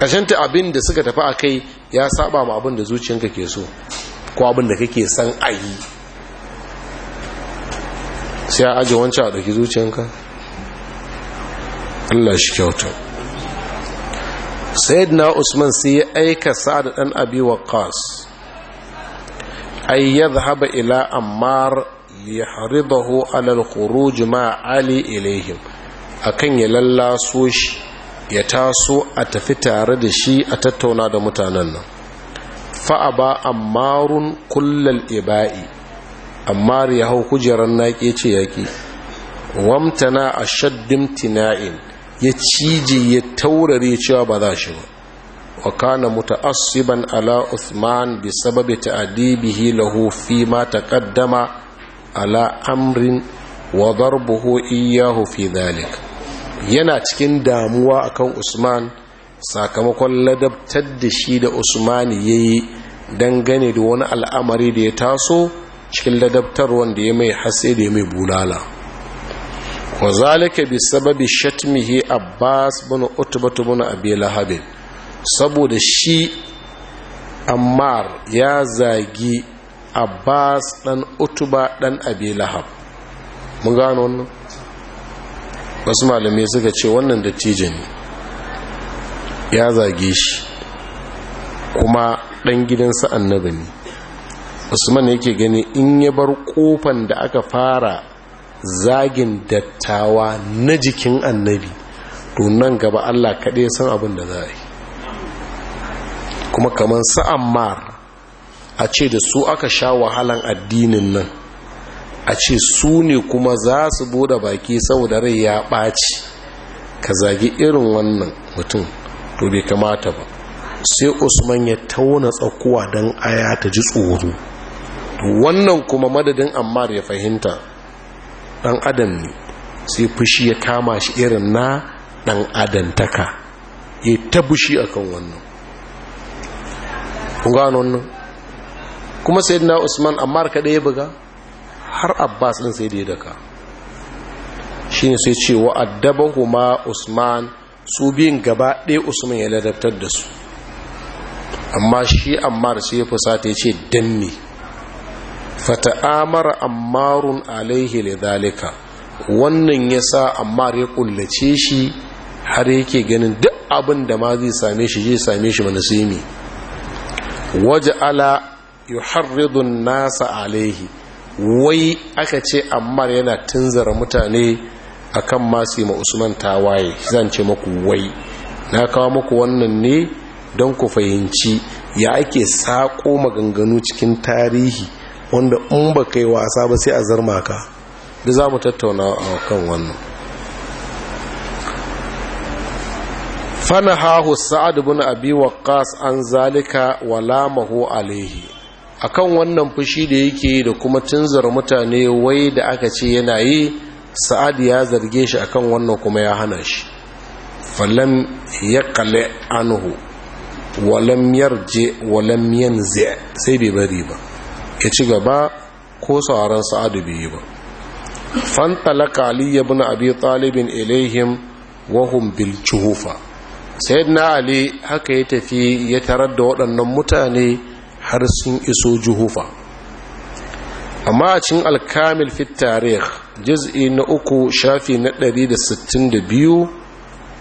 Ƙashanta abin da suka tafi a kai ya saba ma abin da zuciyanka ke so ko abin da kake san ayi. yi sai aje wancan a ke zuciyanka allah shi kyauta sayyidina usman sai ya aika sa'ad ɗan abi waqas ay yadhhab ila ammar liyahridahu ala alkhuruj ma ali ilayhim akan ya lallaso shi ya taso a tafi tare da shi a tattauna da mutanen nan fa'aba ammarun kullal iba'i amma ya hau kujerar naƙi ce yaƙi wamtana a shaddin tina'in ya cije ya taurare cewa ba za shi ba Wakana kana muta'assiban ala Uthman bi sababi ta'dibihi lahu fi ma taqaddama ala amrin wa darbuhu iyyahu fi dhalik yana cikin damuwa akan Usman sakamakon ladabtar da shi da usmani ya yi dangane da wani al'amari da ya taso cikin ladabtar wanda ya mai hasse da ya mai bulala wa zalika bi sababi shatmihi abbas bin utbatu bin abi lahab saboda shi ammar ya zagi abbas dan utba dan abi lahab mun gano wannan wasu malamai suka ce wannan dattijo ne ya zage shi kuma ɗan gidansa annabi ne usman yake gani in ya bar kofan da aka fara zagin dattawa na jikin annabi to nan gaba allah kaɗai san abin da za yi kuma kamar sa'an mar a ce da su aka sha wahalan addinin nan a ce su ne kuma za su bude baki saboda rai ya ɓaci ka zagi irin wannan mutum to bai kamata ba sai usman ya tauna tsakuwa don aya ta ji tsoro wannan kuma madadin ammar ya fahimta dan adam ne sai fushi ya kama shi irin na dan adantaka ya ta akan wannan kun gano wannan kuma sayyidina usman ammar kada ya buga har abbas din sai da ka shi ne sai ce wa addabahu ma usman su biyun gaba ɗaya usman ya ladabtar da su amma shi ammar sai ya fusata ya ce danne amara ammarun alaihi zalika wannan ya sa ammar ya kullace shi har yake ganin duk abin da ma zai same shi zai same shi manasimi waje ala harridun nasa alaihi wai aka ce ammar yana tunzara mutane akan masu ma usman tawaye zan ce maku wai na kawo maku wannan ne don ku fahimci ya ake saƙo maganganu cikin tarihi wanda in ba kai wasa ba sai a zarma ka da za mu tattauna a kan wannan Fana-hahu sa'ad bin abi waqqas an zalika wa lamahu alaihi akan wannan fushi da yake da kuma tunzar mutane wai da aka ce yana yi sa'ad ya zarge shi akan wannan kuma ya hana shi falam ya kale anuhu. walam yarje walam yanzi sai bai bari ba ya ci gaba ko sauran sa'ad bai yi ba fantalaka ali ibn abi ɗalibin ilaihim wahum hum bil juhufa sayyidina ali haka ya tafi ya tarar da waɗannan mutane har sun iso juhufa amma a cikin alkamil fit juz'i na uku shafi na 162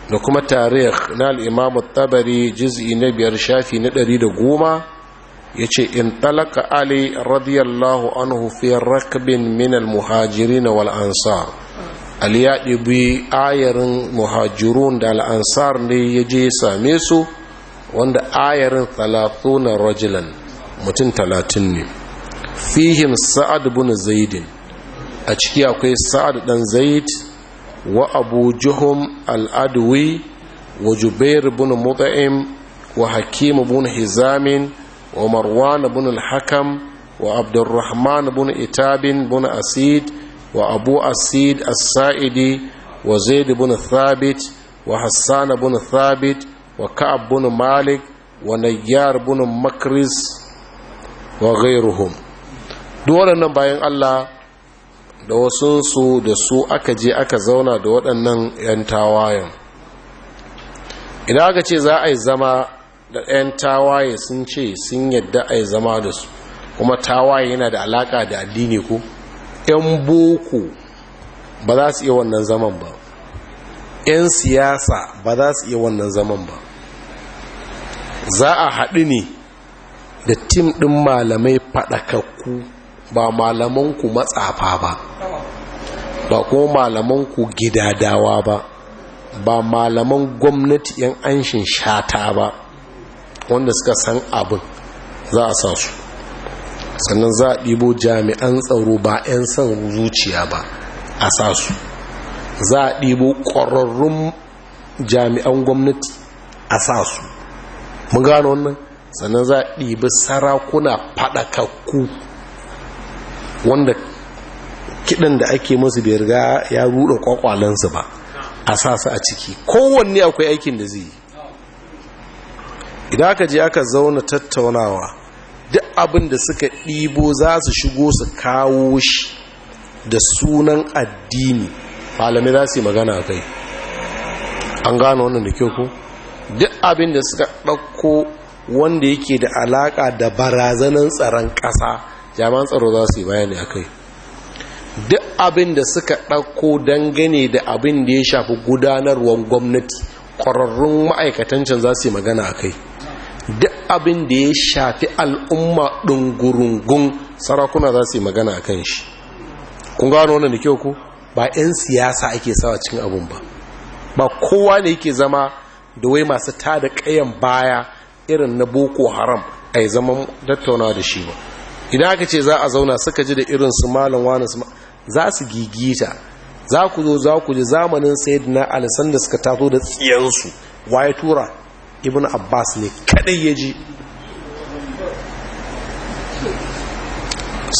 da kuma tarih na al'imamu tabari juz'i na biyar shafi na 110 ya ce in talaka ali radiyallahu anhu fi rakbin minal muhajiri na wal’ansar ali ya ɗibi ayarin muhajirun da al'ansar ne ya je same su wanda ayarin talatunan rajilan mutum talatin ne fihim sa'ad bin zaidin a ciki akwai sa'ad ɗan zaid wa abu juhum al wa jubair ibn mut'im wa hakim ibn hizamin wa marwan ibn al-hakam wa abdurrahman ibn itab ibn asid wa abu asid as-sa'idi wa zaid ibn thabit wa hassan ibn thabit wa ka'ab ibn malik wa nayyar ibn makris wa gairuhum. Dole waɗannan bayan Allah da su da su aka je aka zauna da waɗannan 'yan tawayen idan aka ce za a yi zama da 'yan tawaye sun ce sun yadda a yi zama da su kuma tawaye yana da alaƙa da addini ku? 'yan boko ba za su iya wannan zaman ba 'yan siyasa ba za su iya wannan zaman ba za a haɗu ne da tim ɗin malamai faɗakakku ba malamanku matsafa ba ba kuma malamanku gidadawa ba ba malaman gwamnati 'yan anshin shata ba wanda suka san abin za a sa su sannan za a ɗibo jami'an tsaro ba 'yan son zuciya ba a sa su za a ɗibo ƙwararrun jami'an gwamnati a sa su mun gano wannan sannan za a ɗibi sarakuna faɗakakku wanda kidan da ake masu bai riga ya ruɗa kwakwalansu ba a sa su a ciki kowanne akwai aikin da zai yi idan aka je aka zauna tattaunawa duk abin da suka ɗibo za su shigo su kawo shi da sunan addini Malami za su yi magana kai an gano wannan da kyau ko duk abin da suka ɗauko wanda yake da alaƙa da barazanan tsaron ƙasa jami'an tsaro za su yi bayani a kai duk abin da suka ɗauko dangane da abin da ya shafi gudanarwar gwamnati ƙwararrun ma'aikatan can za su yi magana a kai duk abin da ya shafi al'umma ɗungurungun sarakuna za su yi magana a kan shi kun gano wannan da kyau ku ba 'yan siyasa ake sawa cikin abin ba ba kowa ne yake zama da wai masu tada ƙayan baya irin na boko haram a yi zaman tattaunawa da shi ba idan aka ce za a zauna suka ji da irin su malam wani su za su gigita za ku zo za ku ji zamanin sayyidina alisan da suka taso da tsiyansu waye tura ibn abbas ne kadai ya ji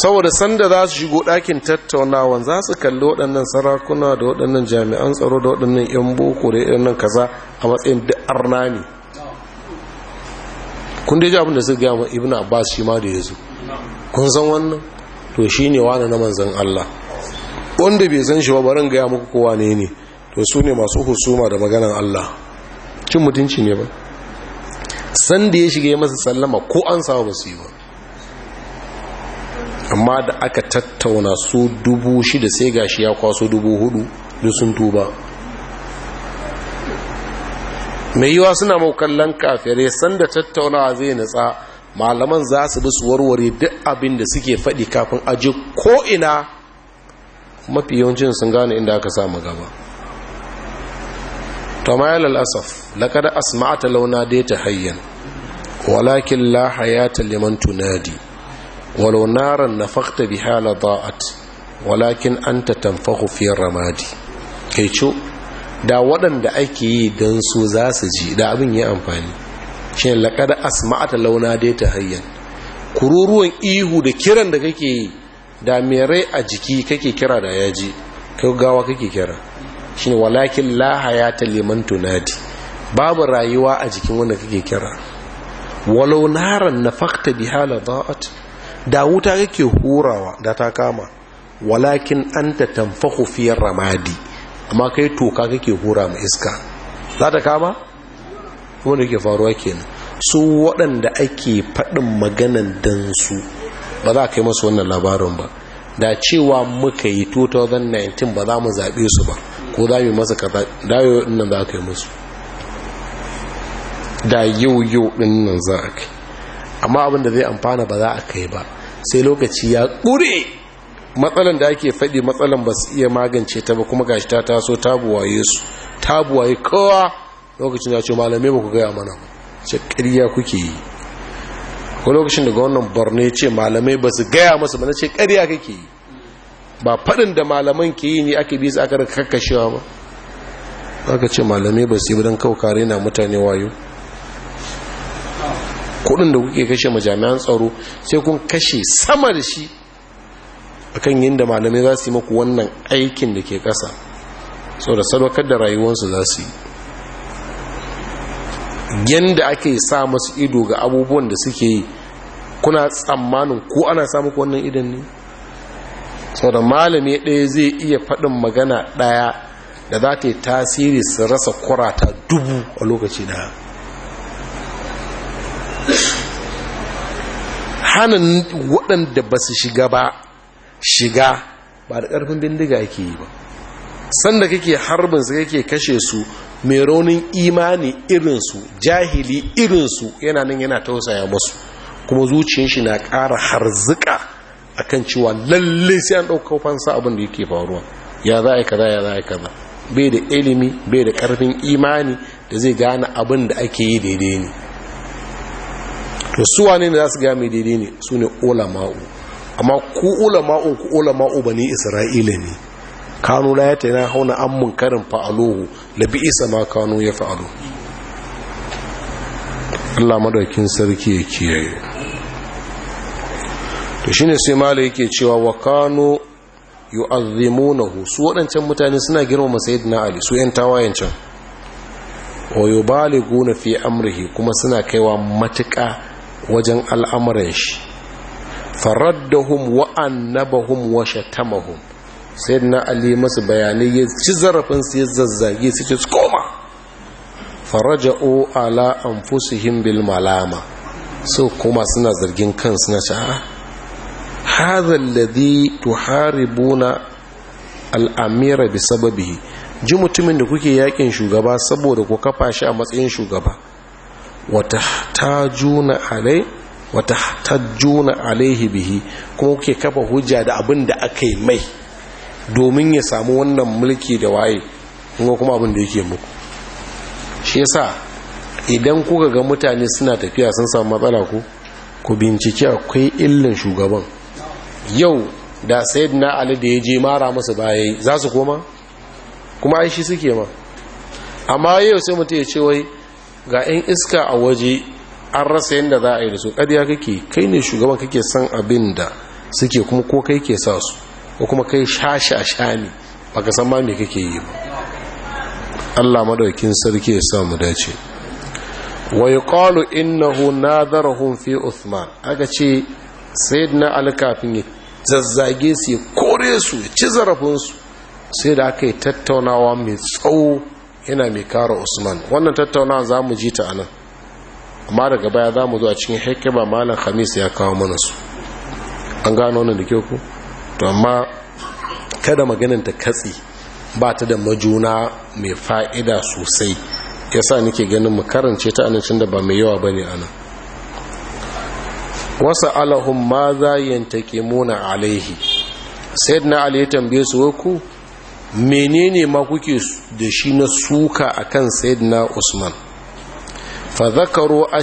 saboda sanda za su shigo ɗakin tattaunawa, za su kalli waɗannan sarakuna da waɗannan jami'an tsaro da waɗannan 'yan boko da nan kaza a matsayin da arna ne kun dai ji abin da su gama ibn abbas shi ma da ya zo kun san wannan to shi ne wani na manzan Allah wanda bai san shi ba barin gaya muku kowa ne ne to su ne masu husuma da maganan Allah cin mutunci ne ba san ya shiga ya masa sallama ko an samu ba su yi ba amma da aka tattauna su dubu shida sai gashi ya kwaso dubu hudu da sun tuba mai yiwa suna mau kallon kafirai san da tattaunawa zai natsa malaman za su bi su warware duk abin da suke faɗi kafin aji ko'ina mafi yawancin sun gane inda aka samu gaba tamayal al'asaf laƙada asma'ata launa dai ta hayyan walakin la liman tunadi walonaran na fakta bi hala da'at walakin an ta tamfahu fiye ramadi kai da waɗanda ake yi don su za su ji da abin yi amfani shi laƙada asma'ata launa dai ta hayyan kururuwan ihu da kiran da kake yi da rai a jiki kake kira da yaji kai gawa kake kira shine walakin lahaya ta liman tunadi babu rayuwa a jikin wanda kake kira walau naran fakta bi hala za'at da wuta kake hurawa da ta kama walakin an ta tanfahu fi ramadi amma kai toka kake hura ma iska za ta kama Wanda ke faruwa kenan su waɗanda ake faɗin maganan dan su ba za a kai masu wannan labarin ba da cewa muka yi 2019 ba za mu zaɓe su ba ko za mu yi masa kaza dayo nan za a kai masu. da yau yau ɗin nan za a kai amma abin zai amfana ba za a kai ba sai lokaci ya ƙure matsalan da ake faɗi matsalan ba su iya magance ta ba kuma gashi ta taso tabuwaye su tabuwaye kowa lokacin ya ce malamai ba ku gaya mana ce ƙarya kuke yi ko lokacin daga wannan borno ce malamai ba su gaya masu mana ce ƙarya kake yi ba faɗin da malaman ke yi ne ake bi aka aka kakashewa ba aka ce malamai ba su yi don kawo kare na mutane wayo kudin da kuke kashe majami'an tsaro sai kun kashe sama da shi kan yin da malamai za su yi maku wannan aikin da ke ƙasa sau da sadaukar da rayuwarsu za su yi yanda ake sa masu ido ga abubuwan da suke yi kuna tsammanin ko ana samu wannan idan ne sau da malami ɗaya zai iya faɗin magana ɗaya da za ta yi tasiri su rasa kurata dubu a lokaci ɗaya hannun waɗanda ba su shiga ba shiga ba da ƙarfin bindiga ake yi ba sanda kake harbin su kake kashe su mai raunin imani irinsu jahili irinsu yana nan yana tausaya musu, kuma zuciyar shi na ƙara harzuka a kan cewa lalle sai an ɗauka fansa abin da yake faruwa ya za a kaza ya za a kaza bai da ilimi bai da ƙarfin imani da zai gane abin da ake yi daidai ne to su wane ne za su gane daidai ne su ne ulama'u amma ku ulama'u ku ulama'u bani isra'ila ne kanu na ya tana hauna an munkarin fa'aluhu da bi isa ma kanu ya fa'alu Allah madaukin sarki ya kiyaye to shine sai mala yake cewa wa kanu na su wadancan mutane suna girmama na ali su yan tawayen can wa guna fi amurki kuma suna kaiwa matuƙa wajen al'amuran shi faraddahum wa annabahum wa shatamahum sai na ali masu bayanai ya ci zarafin su ya zazzage su ce koma faraja'u ala anfusihim bil malama so kuma suna zargin kan suna ce a ah, hadha alladhi tuharibuna al al'amira bi sababihi ji mutumin da kuke yakin shugaba saboda ku kafa shi a matsayin shugaba wata ta alai alaihi bihi kuma kuke kafa hujja da abin da aka yi mai domin ya samu wannan mulki da waye kuma kuma abin da yake muku shi yasa idan kuka ga mutane suna tafiya sun samu matsala ku ku bincike akwai illan shugaban yau da na ali da ya je mara masa baya za su koma kuma ai shi suke ma amma yau sai mutum ya ce wai ga 'yan iska a waje an rasa yadda za a yi da su ƙarya kake kai ne shugaban kake san abin da suke kuma ko kai ke sa su ko kuma kai shashi a shani baka san ma me kake yi ba Allah madaukin sarki ya sa mu dace wa yuqalu innahu nadarahum fi Uthman aka ce sayyidina Ali kafin ya zazzage su ya kore su ya ci zarafin su sai da aka yi tattaunawa mai tsawo yana mai kara Usman wannan tattaunawa za mu ji ta anan amma daga baya za mu zo a cikin hekima malam Khamis ya kawo mana su an gano wannan da kyau ku? amma kada maganin ta katse ba ta da majuna mai fa'ida sosai yasa nike ganin mu karance ta anancin da ba mai yawa ba ne anan wasu alahun ma za ke muna alaihi said na ali ya tambaye su waku menene ma kuke da shi na suka akan said na usman fa zakaro a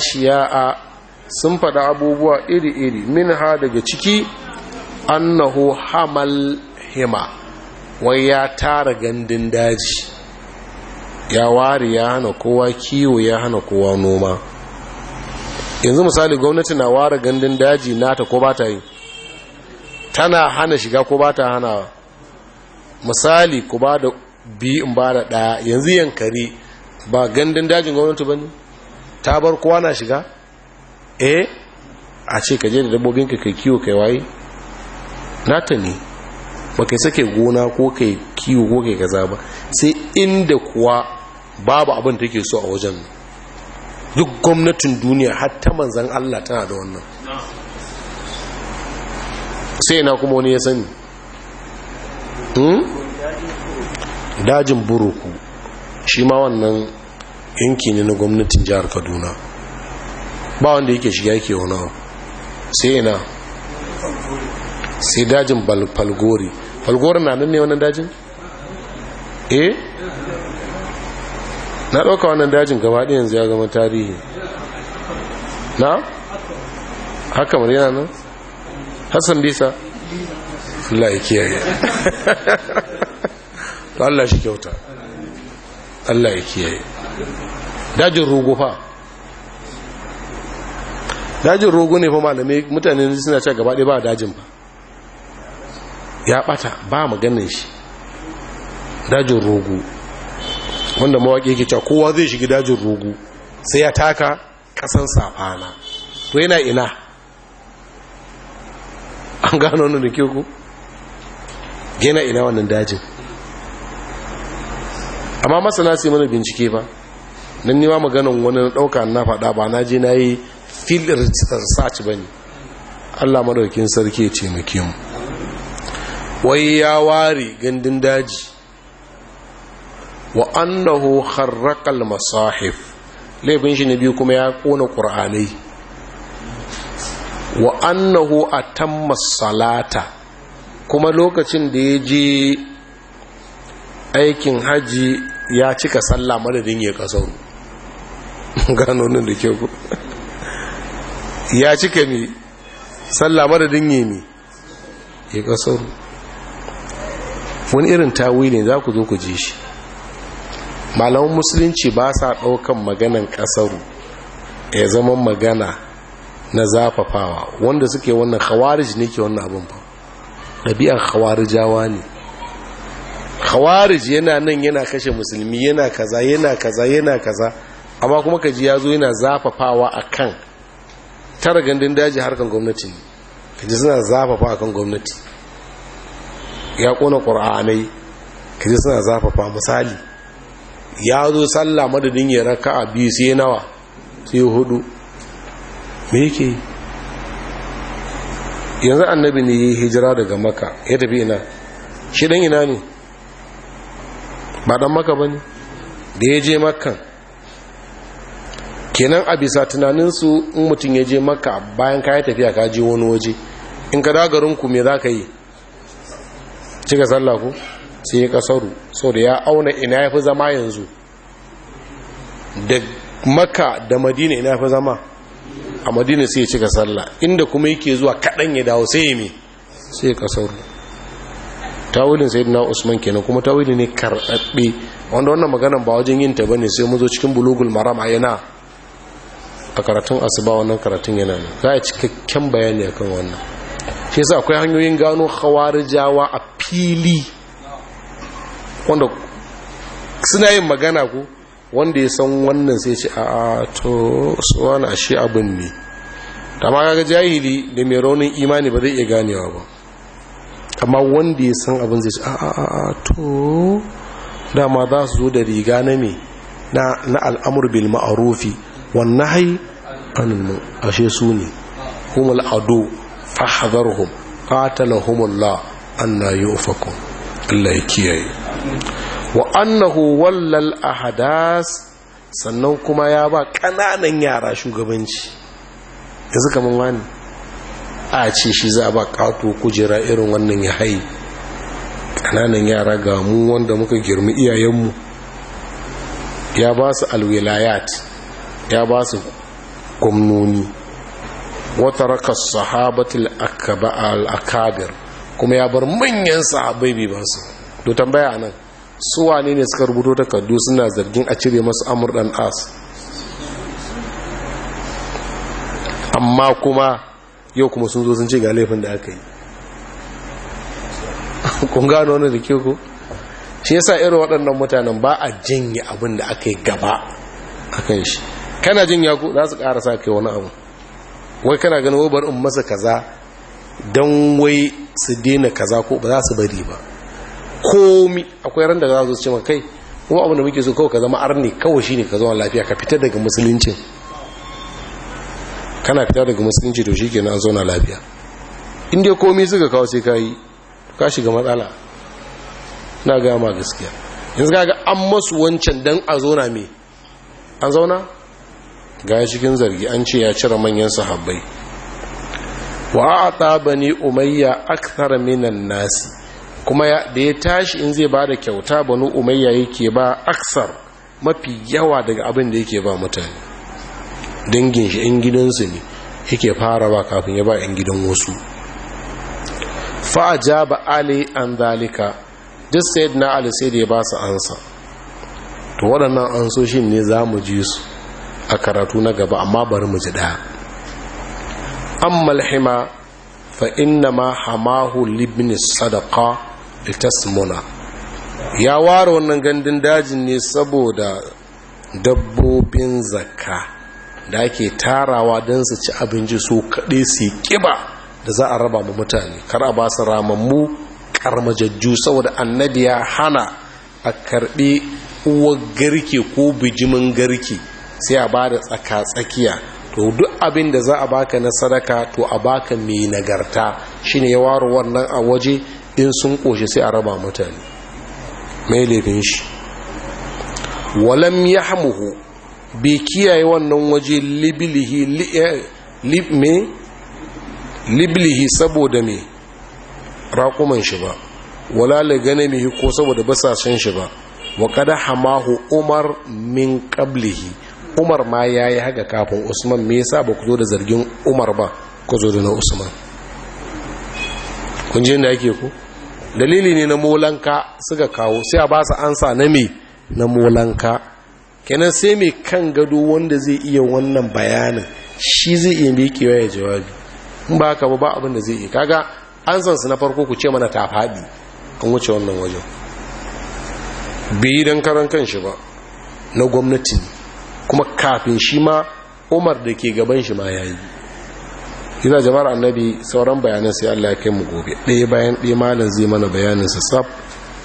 sun faɗa abubuwa iri-iri min ha daga ciki annahu hamal hima wai ya tara gandun daji ya ware ya hana kowa kiwo ya hana kowa noma yanzu misali gwamnati na ware gandun daji nata ko ba ta yi tana hana shiga ko ba ta hana misali ku ba da biyu in ba da ɗaya yanzu yankari ba gandun dajin gwamnati ba ne ta bar kowa na shiga eh a ce ka je da dabbobinka kai kiwo kai waye nata ne ba kai sake gona ko kai kiwo ko kai kaza ba sai inda kuwa babu abin da take so a wajen duk gwamnatin duniya hatta manzan Allah tana da wannan sai na kuma wani ya sani hmm? dajin buruku shi ma wannan yanki ne na gwamnatin jihar kaduna ba wanda yake shiga yake wani sai na sai dajin falgori falgori na nan ne wannan dajin? eh na ɗauka wannan dajin gabaɗi yanzu ya zama tarihi na? haka mara yana nan? hassan bisa? Allah ya kiyaye Allah shi kyauta Allah ya kiyaye dajin rugu fa dajin rugu ne fa malamai mutane suna ce gabaɗe ba dajin ba ya bata ba maganin shi dajin rogo wanda mawaƙi yake cewa kowa zai shiga dajin rogo sai ya taka ƙasan safana to yana ina an gano wani da ku yana ina wannan dajin amma masana sai mana bincike ba ni nima maganin wani na ɗauka na faɗa ba na je na yi filir research ba ne allah madaukin sarki ya ce mu wai ya ware gandun daji wa annahu kharraqal masahif laifin shi na biyu kuma ya kona qur'anai wa annahu atamma salata kuma lokacin da ya je aikin haji ya cika sallah madadin ya kasaru gano nan da ke ku ya cika mi sallah madadin ya mi ya kasaru wani irin tawili za ku zo ku ji shi malaman musulunci ba sa ɗaukan maganan ƙasaru ya zama magana na zafafawa wanda suke wannan khawarij ne ke wannan abin ba ɗabi'ar khawarijawa ne khawarij yana nan yana kashe musulmi yana kaza yana kaza yana kaza amma kuma kaji ya zo yana zafafawa a kan tara gandun daji harkar gwamnati ne kaji suna zafafa a kan gwamnati ya kona ƙur'anai kaji suna zafafa misali ya zo sallah madadin ya raka a biyu sai nawa sai hudu me yake yanzu annabi ne yi hijira daga maka ya tafi ina shi dan ina ne ba dan maka ba ne da ya je makan kenan a bisa tunaninsu in mutum ya je maka bayan ka ya tafiya ka je wani waje in ka dagarinku me za ka yi cika sallah ku sai ya kasaru da ya auna ina ya fi zama yanzu da maka da madina ina ya fi zama a madina sai ya cika sallah inda kuma yake zuwa kaɗan ya dawo sai ya mai sai ya kasaru tawilin sai na usman kenan kuma tawili ne karɓaɓɓe wanda wannan maganan ba wajen yin ta bane sai mu zo cikin bulugul maram yana a karatun asuba wannan karatun yana ne za a cikakken bayani akan wannan shi yasa akwai hanyoyin gano khawarijawa a fili wanda suna yin magana ko wanda ya san wannan sai ce a to tsohon a shi abin ne amma ga jahili da mai raunin imani ba zai iya ganewa ba amma wanda ya san abin zai ce a to dama za su zo da riga na me na al'amur bil ma'arufi wannan hai anil ashe su ne kuma al'adu fahdharhum qatalahumullah anna yufakun Allah ya kiyaye wa annahu wallal ahadas sannan kuma ya ba ƙananan yara shugabanci yanzu kaman wani a ce shi za ba kato kujera irin wannan ya haye kananan yara ga mu wanda muka girmi iyayenmu ya ba su alwilayat ya ba su gwamnoni wata raka sahabatul akabir kuma ya bar manyan sahabai bai ba su to tambaya nan su wane ne suka rubuto takardu suna zargin a cire masu amur dan as amma kuma yau kuma sun zo sun ce ga laifin da aka yi kun gano wani da ke ku shi yasa irin waɗannan mutanen ba a janye abin da aka yi gaba a kan shi kana jin ku za su ƙarasa kai wani abu wai kana ganin wai in masa kaza don wai su daina kaza ko ba za su bari ba komi akwai ran da za su ce makai kuma abin muke so kawai ka zama arni kawai shi ne ka zama lafiya ka fita daga musuluncin kana fita daga musulunci to na an zauna lafiya in komi suka kawo sai kayi ka shiga matsala na gama gaskiya yanzu ga an masu wancan dan a zauna mai an zauna ga cikin zargi an ce ya cire manyan sahabbai wa a'ta bani umayya akthar minan nasi kuma da ya tashi in zai ba da kyauta banu umayya yake ba aksar mafi yawa daga abin da yake ba mutane dangin shi in gidansu ne yake fara ba kafin ya ba in gidan wasu fa'aja ba ali an zalika duk sayyid na ali sai da ya ba su ansa to waɗannan ansoshin ne za mu ji su a karatu na gaba amma bari mu ji daya amma alhima fa inna ma hamahu libni sadaqa litasmuna ya ware wannan gandun dajin ne saboda dabbobin zakka da ake tarawa don su ci abinci su kaɗe su kiba da za a raba mu mutane kar a ba su ramammu karmajajju saboda annabi ya hana a karɓi uwar garke ko bijimin garke sai a ba da tsaka-tsakiya to duk abin da za a baka na sadaka to a baka mai nagarta shine ya waro wannan a waje in sun koshi sai a raba mutane mai laifin shi walam ya hamuhu bai kiyaye wannan waje liblihi eh, saboda mai rakuman shi ba wala ganamihi ko saboda basashen shi ba wa kada hamahu umar min qablihi umar ma ya yi haka kafin usman me yasa ba ku zo da zargin umar ba ku zo da na usman kun ji inda yake ku dalili ne na molanka suka kawo sai a ba su ansa na me na molanka kenan sai mai kan gado wanda zai iya wannan bayanin shi zai iya kewa ya jawabi in ba haka ba abin da zai iya kaga an san su na farko ku ce mana ta faɗi an wuce wannan wajen bai yi don karan kan shi ba na gwamnati kuma kafin shi ma umar da ke gaban shi ma ya yi yana jama'ar annabi sauran bayanan sai allah ya kai mu gobe ɗaya bayan ɗaya malam zai mana bayanin sab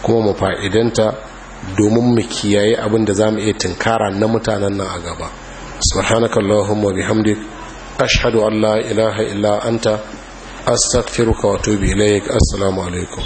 kuma mu fa'idanta domin mu kiyaye abin da za mu iya tunkara na mutanen nan a gaba subhanaka bihamdik ashhadu an la ilaha assalamu alaikum